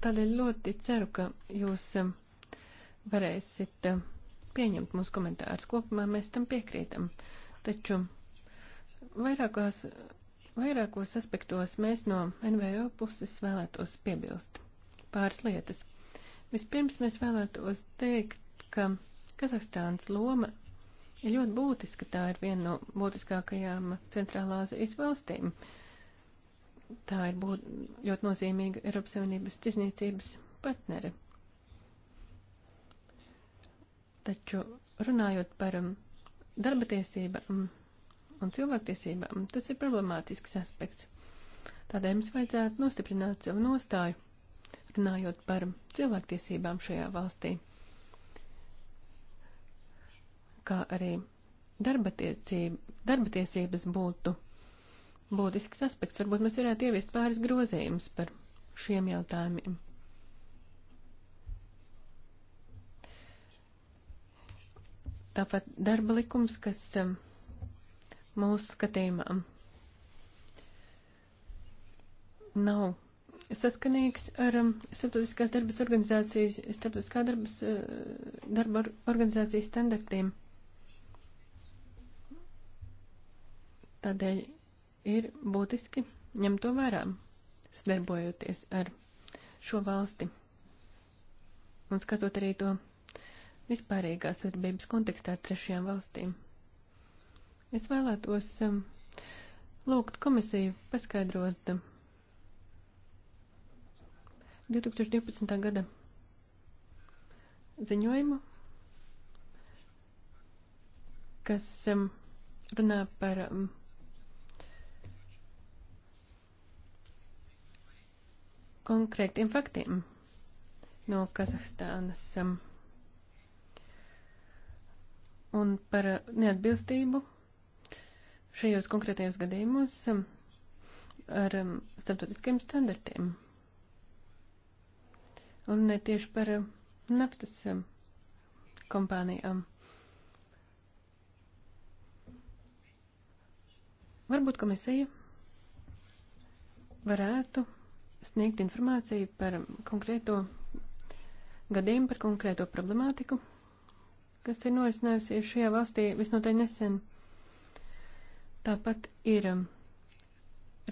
tādēļ ļoti ceru, ka jūs uh, varēsit eh, pieņemt mūsu komentārus. Kopumā mēs tam piekrītam. Taču vairākos, vairākos aspektos mēs no NVO puses vēlētos piebilst pāris lietas. Vispirms mēs vēlētos teikt, ka Kazahstānas loma ir ļoti būtiska. Tā ir viena no būtiskākajām Centrālāzijas valstīm. Tā ir būt, ļoti nozīmīga Eiropas Savienības tirzniecības partneri. Taču runājot par um, darba tiesība um, un cilvēktiesība, um, tas ir problemātisks aspekts. Tādēļ mums vajadzētu nostiprināt savu nostāju, runājot par cilvēktiesībām šajā valstī, kā arī darba, tiecība, darba tiesības būtu būtisks aspekts. Varbūt mēs varētu ieviest pāris grozījumus par šiem jautājumiem. Tāpat darba likums, kas um, mūsu skatījumā um, nav saskanīgs ar um, starptautiskās darbas organizācijas, starptautiskā darbas, uh, darba organizācijas standartiem. Tādēļ ir būtiski ņemt to vērā, sadarbojoties ar šo valsti un skatot arī to vispārīgās sadarbības kontekstā ar trešajām valstīm. Es vēlētos um, lūgt komisiju paskaidrot um, 2012. gada ziņojumu, kas um, runā par um, konkrētiem faktiem no Kazahstānas. Um, un par neatbilstību šajos konkrētajos gadījumos um, ar um, starptautiskiem standartiem. Un ne tieši par um, naftas kompānijām. Varbūt komisija varētu sniegt informāciju par konkrēto gadījumu, par konkrēto problemātiku kas ir norisinājusies šajā valstī visnotaļ nesen. Tāpat ir um,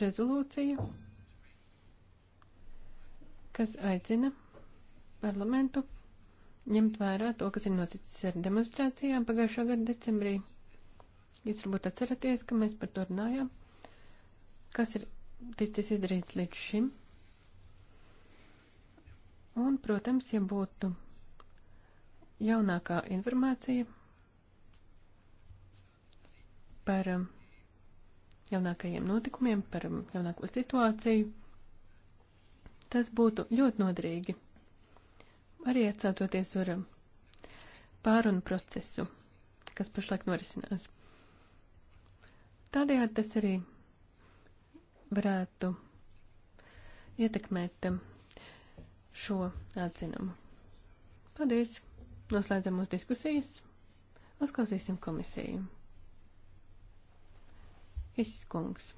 rezolūcija, kas aicina parlamentu ņemt vērā to, kas ir noticis ar demonstrācijām pagājušā gada decembrī. Jūs varbūt atceraties, ka mēs par to runājām, kas ir ticis izdarīts līdz šim. Un, protams, ja būtu jaunākā informācija par um, jaunākajiem notikumiem, par um, jaunāko situāciju. Tas būtu ļoti noderīgi. Arī atsātoties uz um, pārunu procesu, kas pašlaik norisinās. Tādējādi tas arī varētu ietekmēt šo atzinumu. Paldies! Noslēdzam mūsu diskusijas. Uzklausīsim komisiju. Hiss kungs.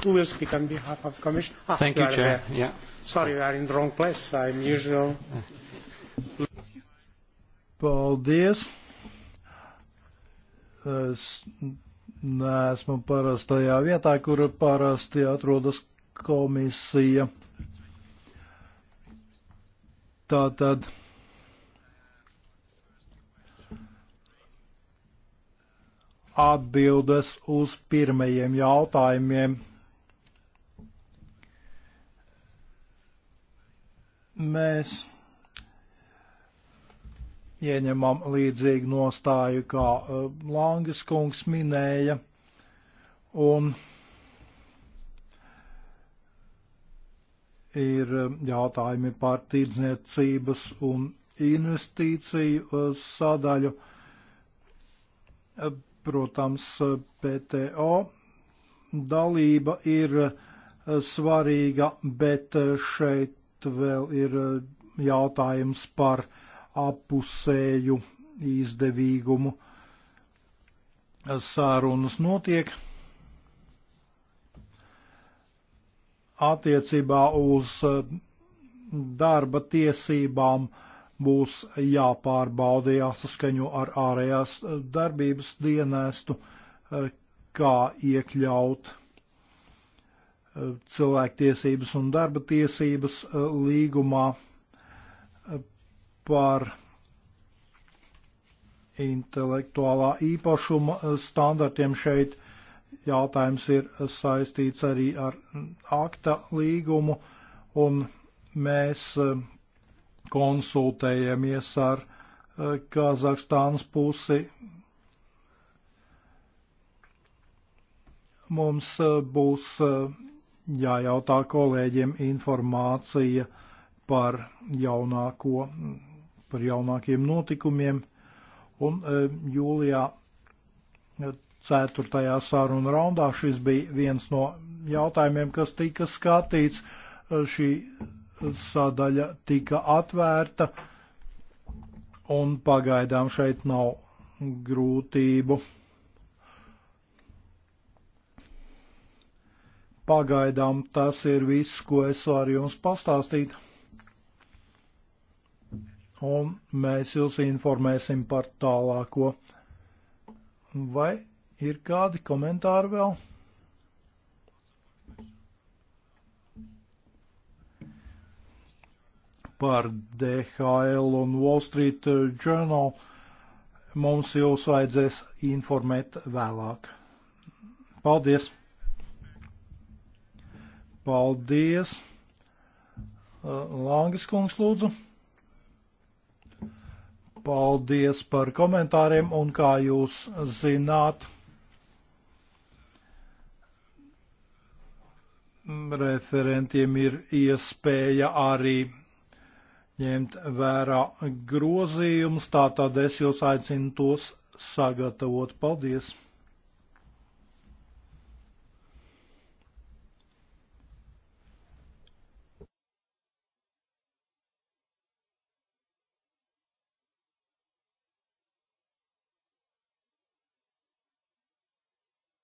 Who will speak on behalf of Commission? Ah, Thank you, you Chair. There. Yeah. Sorry, you are in the wrong place. I'm usual. Paldies. Es neesmu parastajā vietā, kur parasti atrodas komisija. Tātad. tad atbildes uz pirmajiem jautājumiem. Mēs ieņemam līdzīgu nostāju, kā uh, Langas kungs minēja, un ir uh, jautājumi par tīdzniecības un investīciju uh, sadaļu Protams, PTO dalība ir eh, svarīga, bet eh, šeit vēl ir eh, jautājums par apusēju izdevīgumu. Sārunas notiek attiecībā uz darba tiesībām būs jāpārbauda, jāsaskaņo ar ārējās eh, darbības dienestu, eh, kā iekļaut eh, cilvēktiesības un darba tiesības līgumā par intelektuālā īpašuma standartiem šeit jautājums ir saistīts arī ar mm, akta līgumu, un mēs konsultējamies ar eh, Kazahstānas pusi. Mums eh, būs eh, jājautā kolēģiem informācija par jaunāko, par jaunākiem notikumiem. Un jūlijā 4. saruna raundā šis bija viens no jautājumiem, kas tika skatīts. Šī sadaļa tika atvērta, un pagaidām šeit nav grūtību. Pagaidām tas ir viss, ko es varu jums pastāstīt. Un mēs jūs informēsim par tālāko. Vai ir kādi komentāri vēl? par DHL un Wall Street Journal. Mums jūs vajadzēs informēt vēlāk. Paldies! Paldies! Uh, Langas kungs lūdzu. Paldies par komentāriem un kā jūs zināt. referentiem ir iespēja arī ņemt vērā grozījumus, tātad es jūs aicinu tos sagatavot. Paldies!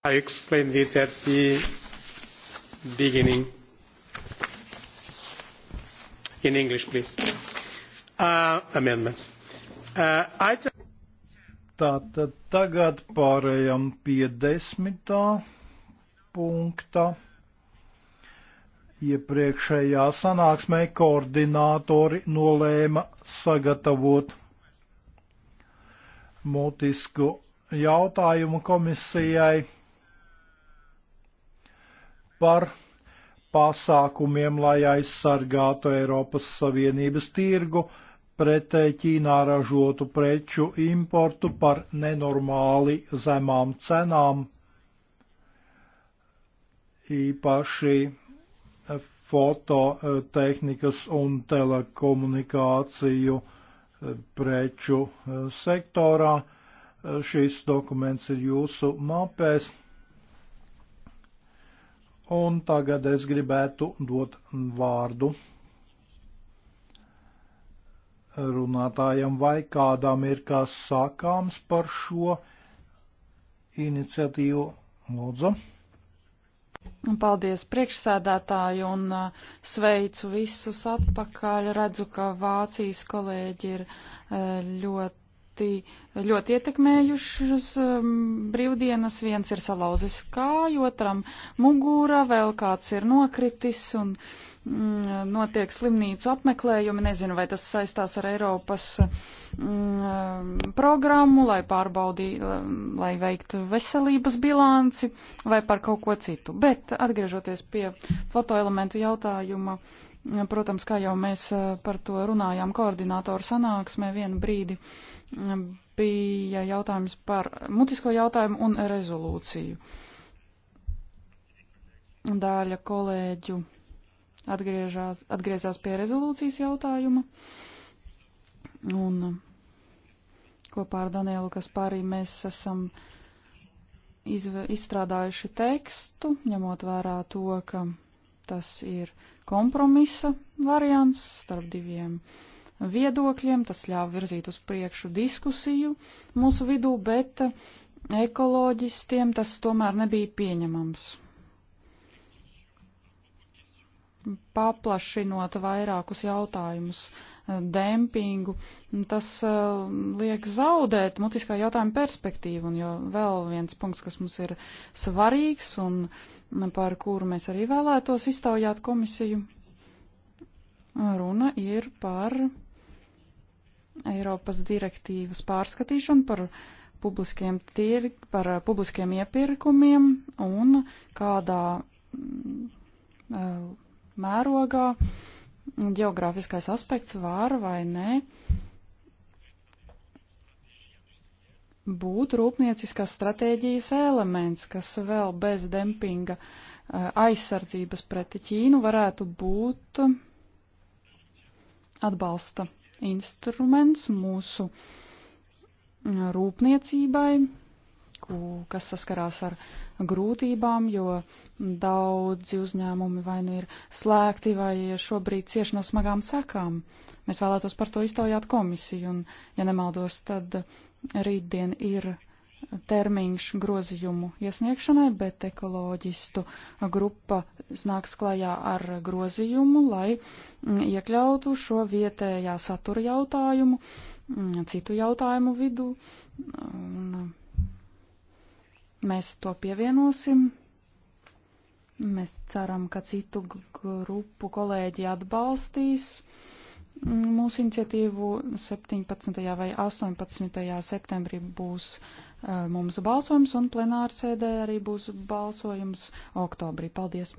I explained it at the beginning in English, please. Uh, amendments. Uh, item... Tātad tagad pārējām pie desmitā punkta. Iepriekšējā sanāksmē koordinātori nolēma sagatavot mutisku jautājumu komisijai par pasākumiem, lai aizsargātu Eiropas Savienības tirgu pret Ķīnā ražotu preču importu par nenormāli zemām cenām, īpaši fototehnikas un telekomunikāciju preču sektorā. Šis dokuments ir jūsu mapēs. Un tagad es gribētu dot vārdu runātājam vai kādam ir kas sakāms par šo iniciatīvu. Lūdzu. Paldies priekšsēdētāju un uh, sveicu visus atpakaļ. Redzu, ka Vācijas kolēģi ir uh, ļoti ļoti, ļoti ietekmējušas um, brīvdienas. Viens ir salauzis kāju, otram mugura, vēl kāds ir nokritis un mm, notiek slimnīcu apmeklējumi. Nezinu, vai tas saistās ar Eiropas mm, programmu, lai pārbaudītu, lai veiktu veselības bilanci vai par kaut ko citu. Bet atgriežoties pie fotoelementu jautājuma. Protams, kā jau mēs eh, par to runājām koordinātoru sanāksmē vienu brīdi, bija jautājums par mutisko jautājumu un rezolūciju. Dāļa kolēģu atgriežās, atgriezās pie rezolūcijas jautājuma. Un kopā ar Danielu Kaspārī mēs esam izve, izstrādājuši tekstu, ņemot vērā to, ka tas ir kompromisa variants starp diviem uh, viedokļiem, tas ļāva virzīt uz priekšu diskusiju mūsu vidū, bet ekoloģistiem tas tomēr nebija pieņemams. Paplašinot vairākus jautājumus dempingu. Tas uh, liek zaudēt mutiskā jautājuma perspektīvu, un jo vēl viens punkts, kas mums ir svarīgs un par kuru mēs arī vēlētos iztaujāt komisiju, runa ir par Eiropas direktīvas pārskatīšanu par publiskiem, tirg, par eh, publiskiem iepirkumiem un kādā mm, eh, mērogā geogrāfiskais aspekts var vai nē būt rūpnieciskās stratēģijas elements, kas vēl bez dempinga eh, aizsardzības pret Ķīnu varētu būt atbalsta instruments mūsu rūpniecībai, kas saskarās ar grūtībām, jo daudzi uzņēmumi vai nu ir slēgti vai šobrīd cieši no smagām sekām. Mēs vēlētos par to iztaujāt komisiju, un, ja nemaldos, tad rītdien ir uh, termiņš grozījumu iesniegšanai, bet ekoloģistu grupa nāks klajā ar grozījumu, lai mm, iekļautu šo vietējā satura jautājumu mm, citu jautājumu vidū. Un mm, mēs to pievienosim. Mēs ceram, ka citu grupu kolēģi atbalstīs. Uh, mūsu iniciatīvu 17. vai 18. septembrī būs uh, mums balsojums, un plenāra sēdē arī būs balsojums oktobrī. Paldies!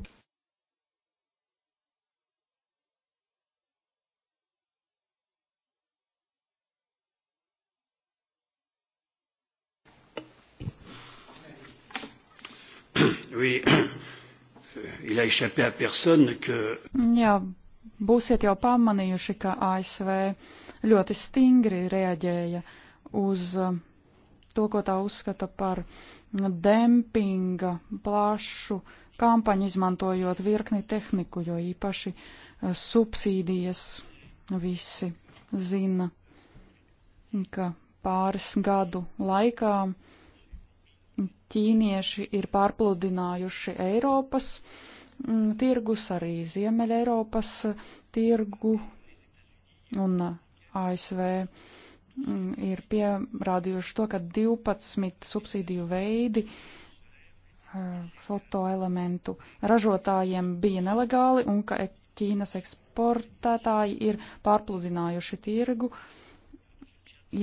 Oui, il a échappé à personne que. Yeah būsiet jau pamanījuši, ka ASV ļoti stingri reaģēja uz uh, to, ko tā uzskata par dempinga plašu kampaņu, izmantojot virkni tehniku, jo īpaši uh, subsīdijas visi zina, ka pāris gadu laikā ķīnieši ir pārpludinājuši Eiropas uh, Mm, tirgus, arī Ziemeļa Eiropas eh, tirgu un eh, ASV mm, ir pierādījuši to, ka 12 subsīdiju veidi eh, fotoelementu ražotājiem bija nelegāli un ka Ķīnas eksportētāji ir pārpludinājuši tirgu,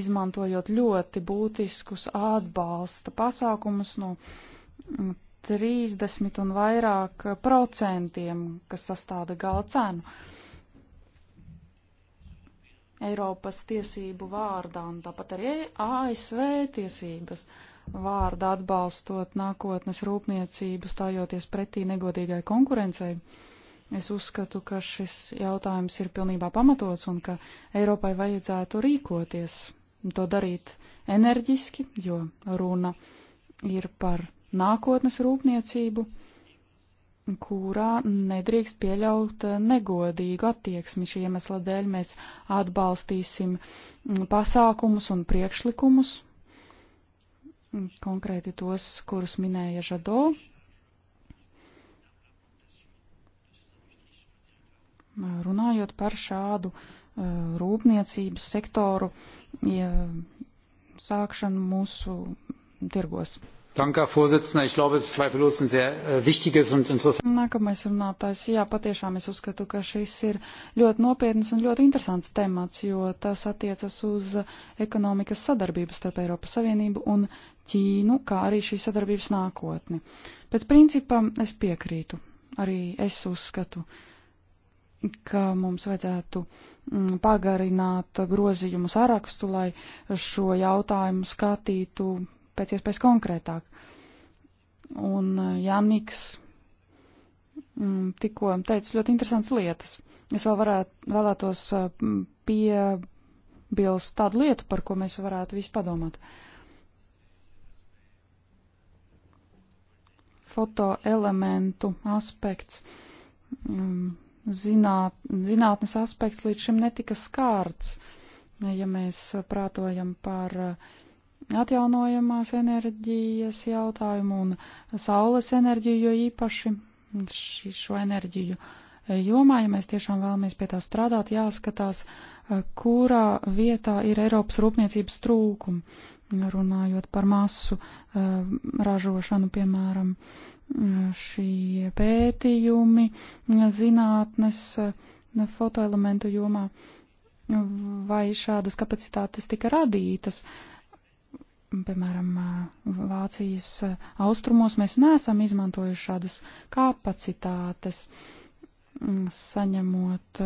izmantojot ļoti būtiskus atbalsta pasākumus no mm, 30 un vairāk procentiem, kas sastāda gala cenu. Eiropas tiesību vārdā un tāpat arī ASV tiesības vārdā atbalstot nākotnes rūpniecību, stājoties pretī negodīgai konkurencei. Es uzskatu, ka šis jautājums ir pilnībā pamatots un ka Eiropai vajadzētu rīkoties un to darīt enerģiski, jo runa ir par nākotnes rūpniecību, kurā nedrīkst pieļaut eh, negodīgu attieksmi. Šī iemesla dēļ mēs atbalstīsim mm, pasākumus un priekšlikumus, mm, konkrēti tos, kurus minēja Žado. Runājot par šādu eh, rūpniecības sektoru ja sākšanu mūsu tirgos. Danke, Vorsitzender. Ich glaube, es ist zweifellos ein sehr äh, wichtiges und interessantes. Nākamais runātājs. Jā, patiešām es uzskatu, ka šis ir ļoti nopietns un ļoti interesants temats, jo tas attiecas uz ekonomikas sadarbību starp Eiropas Savienību un Ķīnu, kā arī šīs sadarbības nākotni. Pēc principa es piekrītu. Arī es uzskatu, ka mums vajadzētu mm, pagarināt grozījumu sarakstu, lai šo jautājumu skatītu pēc iespējas konkrētāk. Un e, Jānis mm, tikko teica ļoti interesants lietas. Es vēl varētu, vēlētos e, piebilst tādu lietu, par ko mēs varētu visi padomāt. Fotoelementu aspekts, mm, zināt, zinātnes aspekts līdz šim netika skārts, ja mēs prātojam par uh, atjaunojamās enerģijas jautājumu un saules enerģiju, jo īpaši ši, šo enerģiju jomā, ja mēs tiešām vēlamies pie tā strādāt, jāskatās, kurā vietā ir Eiropas rūpniecības trūkumi, runājot par masu eh, ražošanu, piemēram, šie pētījumi zinātnes fotoelementu jomā vai šādas kapacitātes tika radītas. Uh, piemēram, Vācijas austrumos mēs neesam izmantojuši šādas kapacitātes, saņemot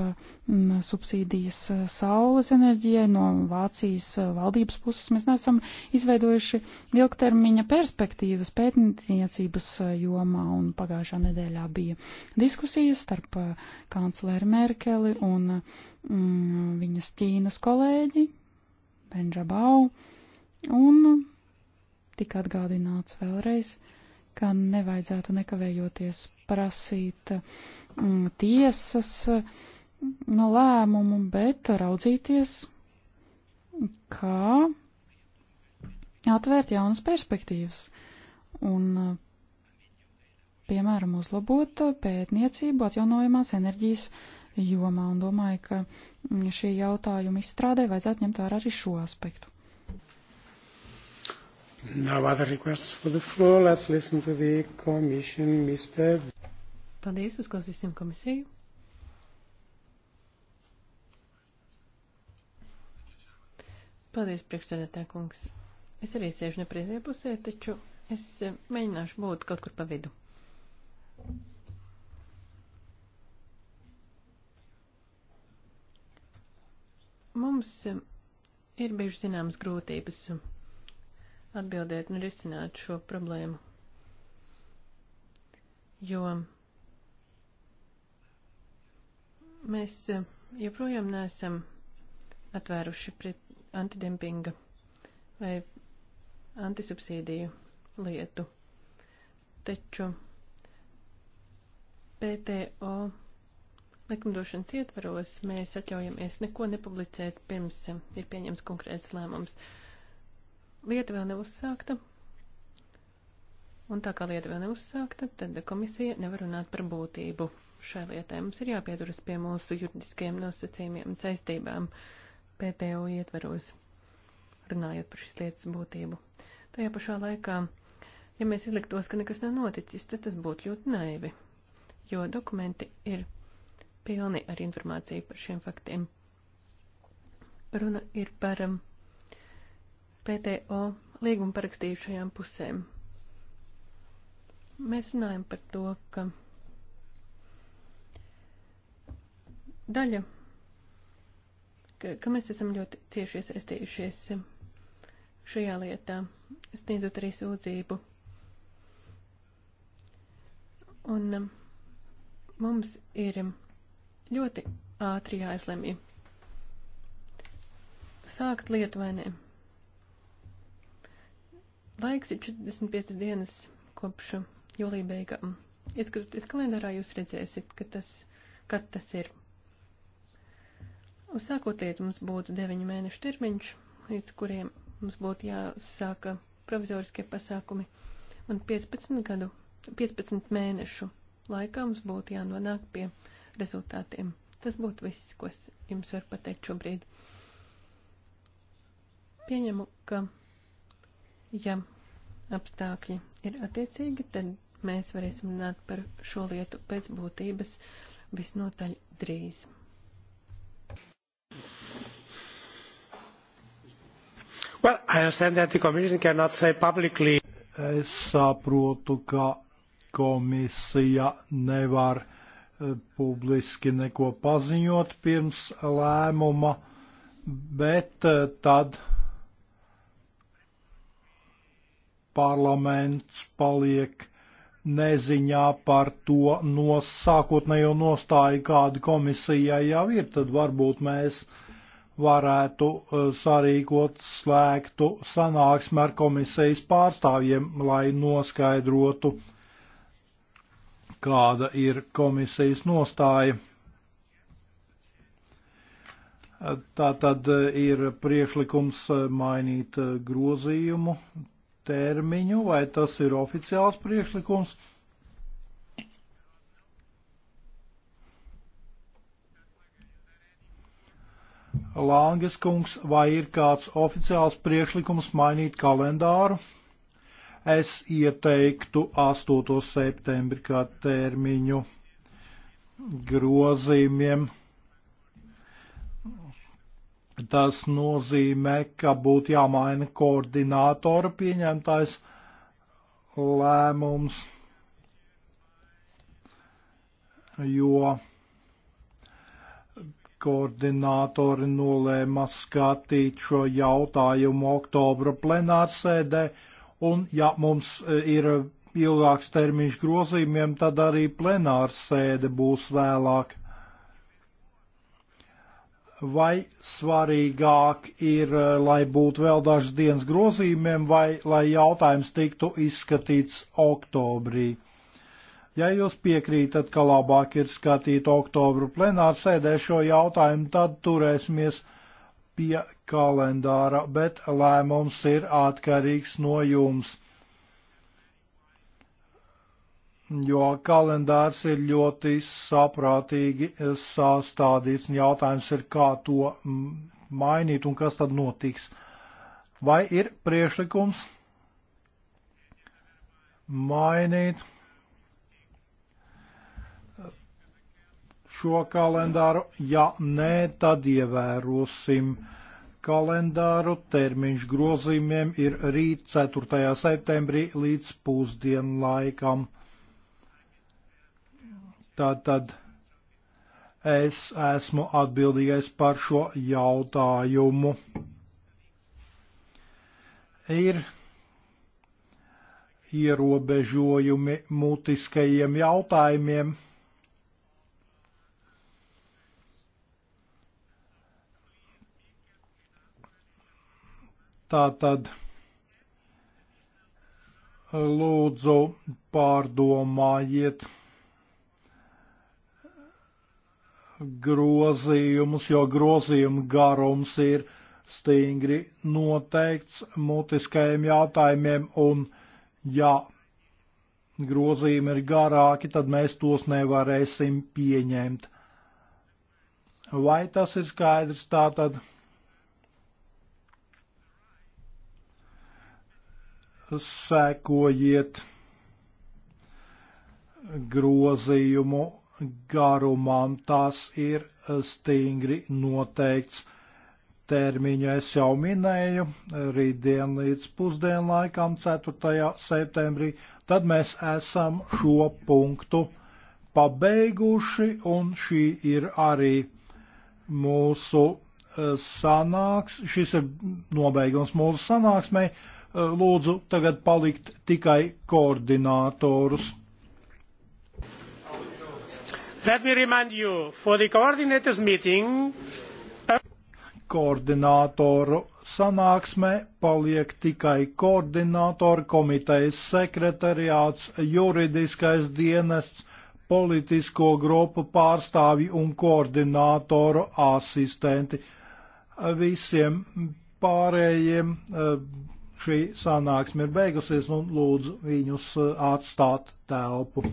subsīdijas saules enerģijai no Vācijas valdības puses. Mēs neesam izveidojuši ilgtermiņa perspektīvas pētniecības jomā, un pagājušā nedēļā bija diskusijas starp kancleru Merkeli un mm, viņas Ķīnas kolēģi Benžabau. Un tika atgādināts vēlreiz, ka nevajadzētu nekavējoties prasīt mm, tiesas no mm, lēmumu, bet raudzīties, kā atvērt jaunas perspektīvas un, piemēram, uzlabot pētniecību atjaunojamās enerģijas jomā. Un domāju, ka mm, šī jautājuma izstrādē vajadzētu ņemt vērā arī šo aspektu. Nav other requests for the floor. Let's listen to the commission, Mr. Paldies, uzklausīsim komisiju. Paldies, priekšsēdētā kungs. Es arī sēžu nepreizajā pusē, taču es eh, mēģināšu būt kaut kur pa vidu. Mums eh, ir bijušas zināmas grūtības atbildēt un risināt šo problēmu. Jo mēs eh, joprojām neesam atvēruši pret antidempinga vai antisubsīdiju lietu. Taču PTO likumdošanas ietvaros mēs atļaujamies neko nepublicēt pirms ir pieņems konkrēts lēmums. Uh, lieta vēl nav uzsākta. Un tā kā lieta vēl nav uzsākta, tad komisija nevar runāt par būtību šai lietai. Mums ir jāpieturas pie mūsu juridiskajiem nosacījumiem un saistībām PTO ietveros, runājot par šīs lietas būtību. Tajā pašā laikā, ja mēs izliktos, ka nekas nav noticis, tad tas būtu ļoti naivi, jo dokumenti ir pilni ar informāciju par šiem faktiem. Runa ir par um, PTO līgumu parakstījušajām pusēm. Mēs runājam par to, ka daļa, ka, ka mēs esam ļoti cieši iesaistījušies šajā lietā, sniedzot arī sūdzību. Un um, mums ir ļoti ātri jāizlemj sākt lietu vai nē. Laiks ir 45 dienas kopš jūlija beigām. Ieskatoties kalendārā, jūs redzēsiet, ka tas, kad tas ir. Uz sākotnēji mums būtu 9 mēnešu termiņš, līdz kuriem mums būtu jāsāka provizoriskie pasākumi, un 15 gadu, 15 mēnešu laikā mums būtu jānonāk pie rezultātiem. Tas būtu viss, ko es jums varu pateikt šobrīd. Pieņemu, ka Ja apstākļi ir attiecīgi, tad mēs varēsim runāt par šo lietu pēc būtības visnotaļ drīz. Well, es saprotu, ka komisija nevar eh, publiski neko paziņot pirms lēmuma, bet eh, tad parlaments paliek neziņā par to nos, sākotnējo nostāju, kādu komisijai jau ir, tad varbūt mēs varētu uh, sarīkot slēgtu sanāksmi ar komisijas pārstāvjiem, lai noskaidrotu, kāda ir komisijas nostāja. Tā tad ir priekšlikums mainīt uh, grozījumu termiņu, vai tas ir oficiāls priekšlikums. Lāngas kungs, vai ir kāds oficiāls priekšlikums mainīt kalendāru? Es ieteiktu 8. septembri kā termiņu grozījumiem. Tas nozīmē, ka būtu jāmaina koordinātora pieņemtais lēmums, jo koordinātori nolēma skatīt šo jautājumu oktobra plenārsēdē, un ja mums e, ir ilgāks termiņš grozījumiem, tad arī plenārsēde būs vēlāk vai svarīgāk ir, eh, lai būtu vēl dažas dienas grozījumiem, vai lai jautājums tiktu izskatīts oktobrī. Ja jūs piekrītat, ka labāk ir skatīt oktobru plenāru sēdē šo jautājumu, tad turēsimies pie kalendāra, bet lēmums ir atkarīgs no jums jo kalendārs ir ļoti saprātīgi sastādīts, un jautājums ir, kā to mainīt un kas tad notiks. Vai ir priešlikums mainīt šo kalendāru? Ja nē, tad ievērosim kalendāru termiņš grozījumiem ir rīt 4. septembrī līdz pusdienlaikam. laikam. Tātad es esmu atbildīgais par šo jautājumu. Ir ierobežojumi mutiskajiem jautājumiem. Tātad lūdzu pārdomājiet grozījumus, jo grozījumu garums ir stingri noteikts mutiskajiem jautājumiem, un ja grozījumi ir garāki, tad mēs tos nevarēsim pieņemt. Vai tas ir skaidrs tātad? Sekojiet grozījumu garumam tās ir eh, stingri noteikts termiņu. Es jau minēju, rītdien līdz pusdienlaikam, 4. septembrī, tad mēs esam šo punktu pabeiguši, un šī ir arī mūsu eh, sanāks, šis ir nobeigums mūsu sanāksmei. Eh, lūdzu, tagad palikt tikai koordinātorus. Let me remind you, for the coordinators meeting. Uh, koordinātoru sanāksmē paliek tikai koordinātori, komitejas sekretariāts, juridiskais dienests, politisko grupu pārstāvji un koordinātoru asistenti. Visiem pārējiem uh, šī sanāksme ir beigusies un lūdzu viņus uh, atstāt telpu.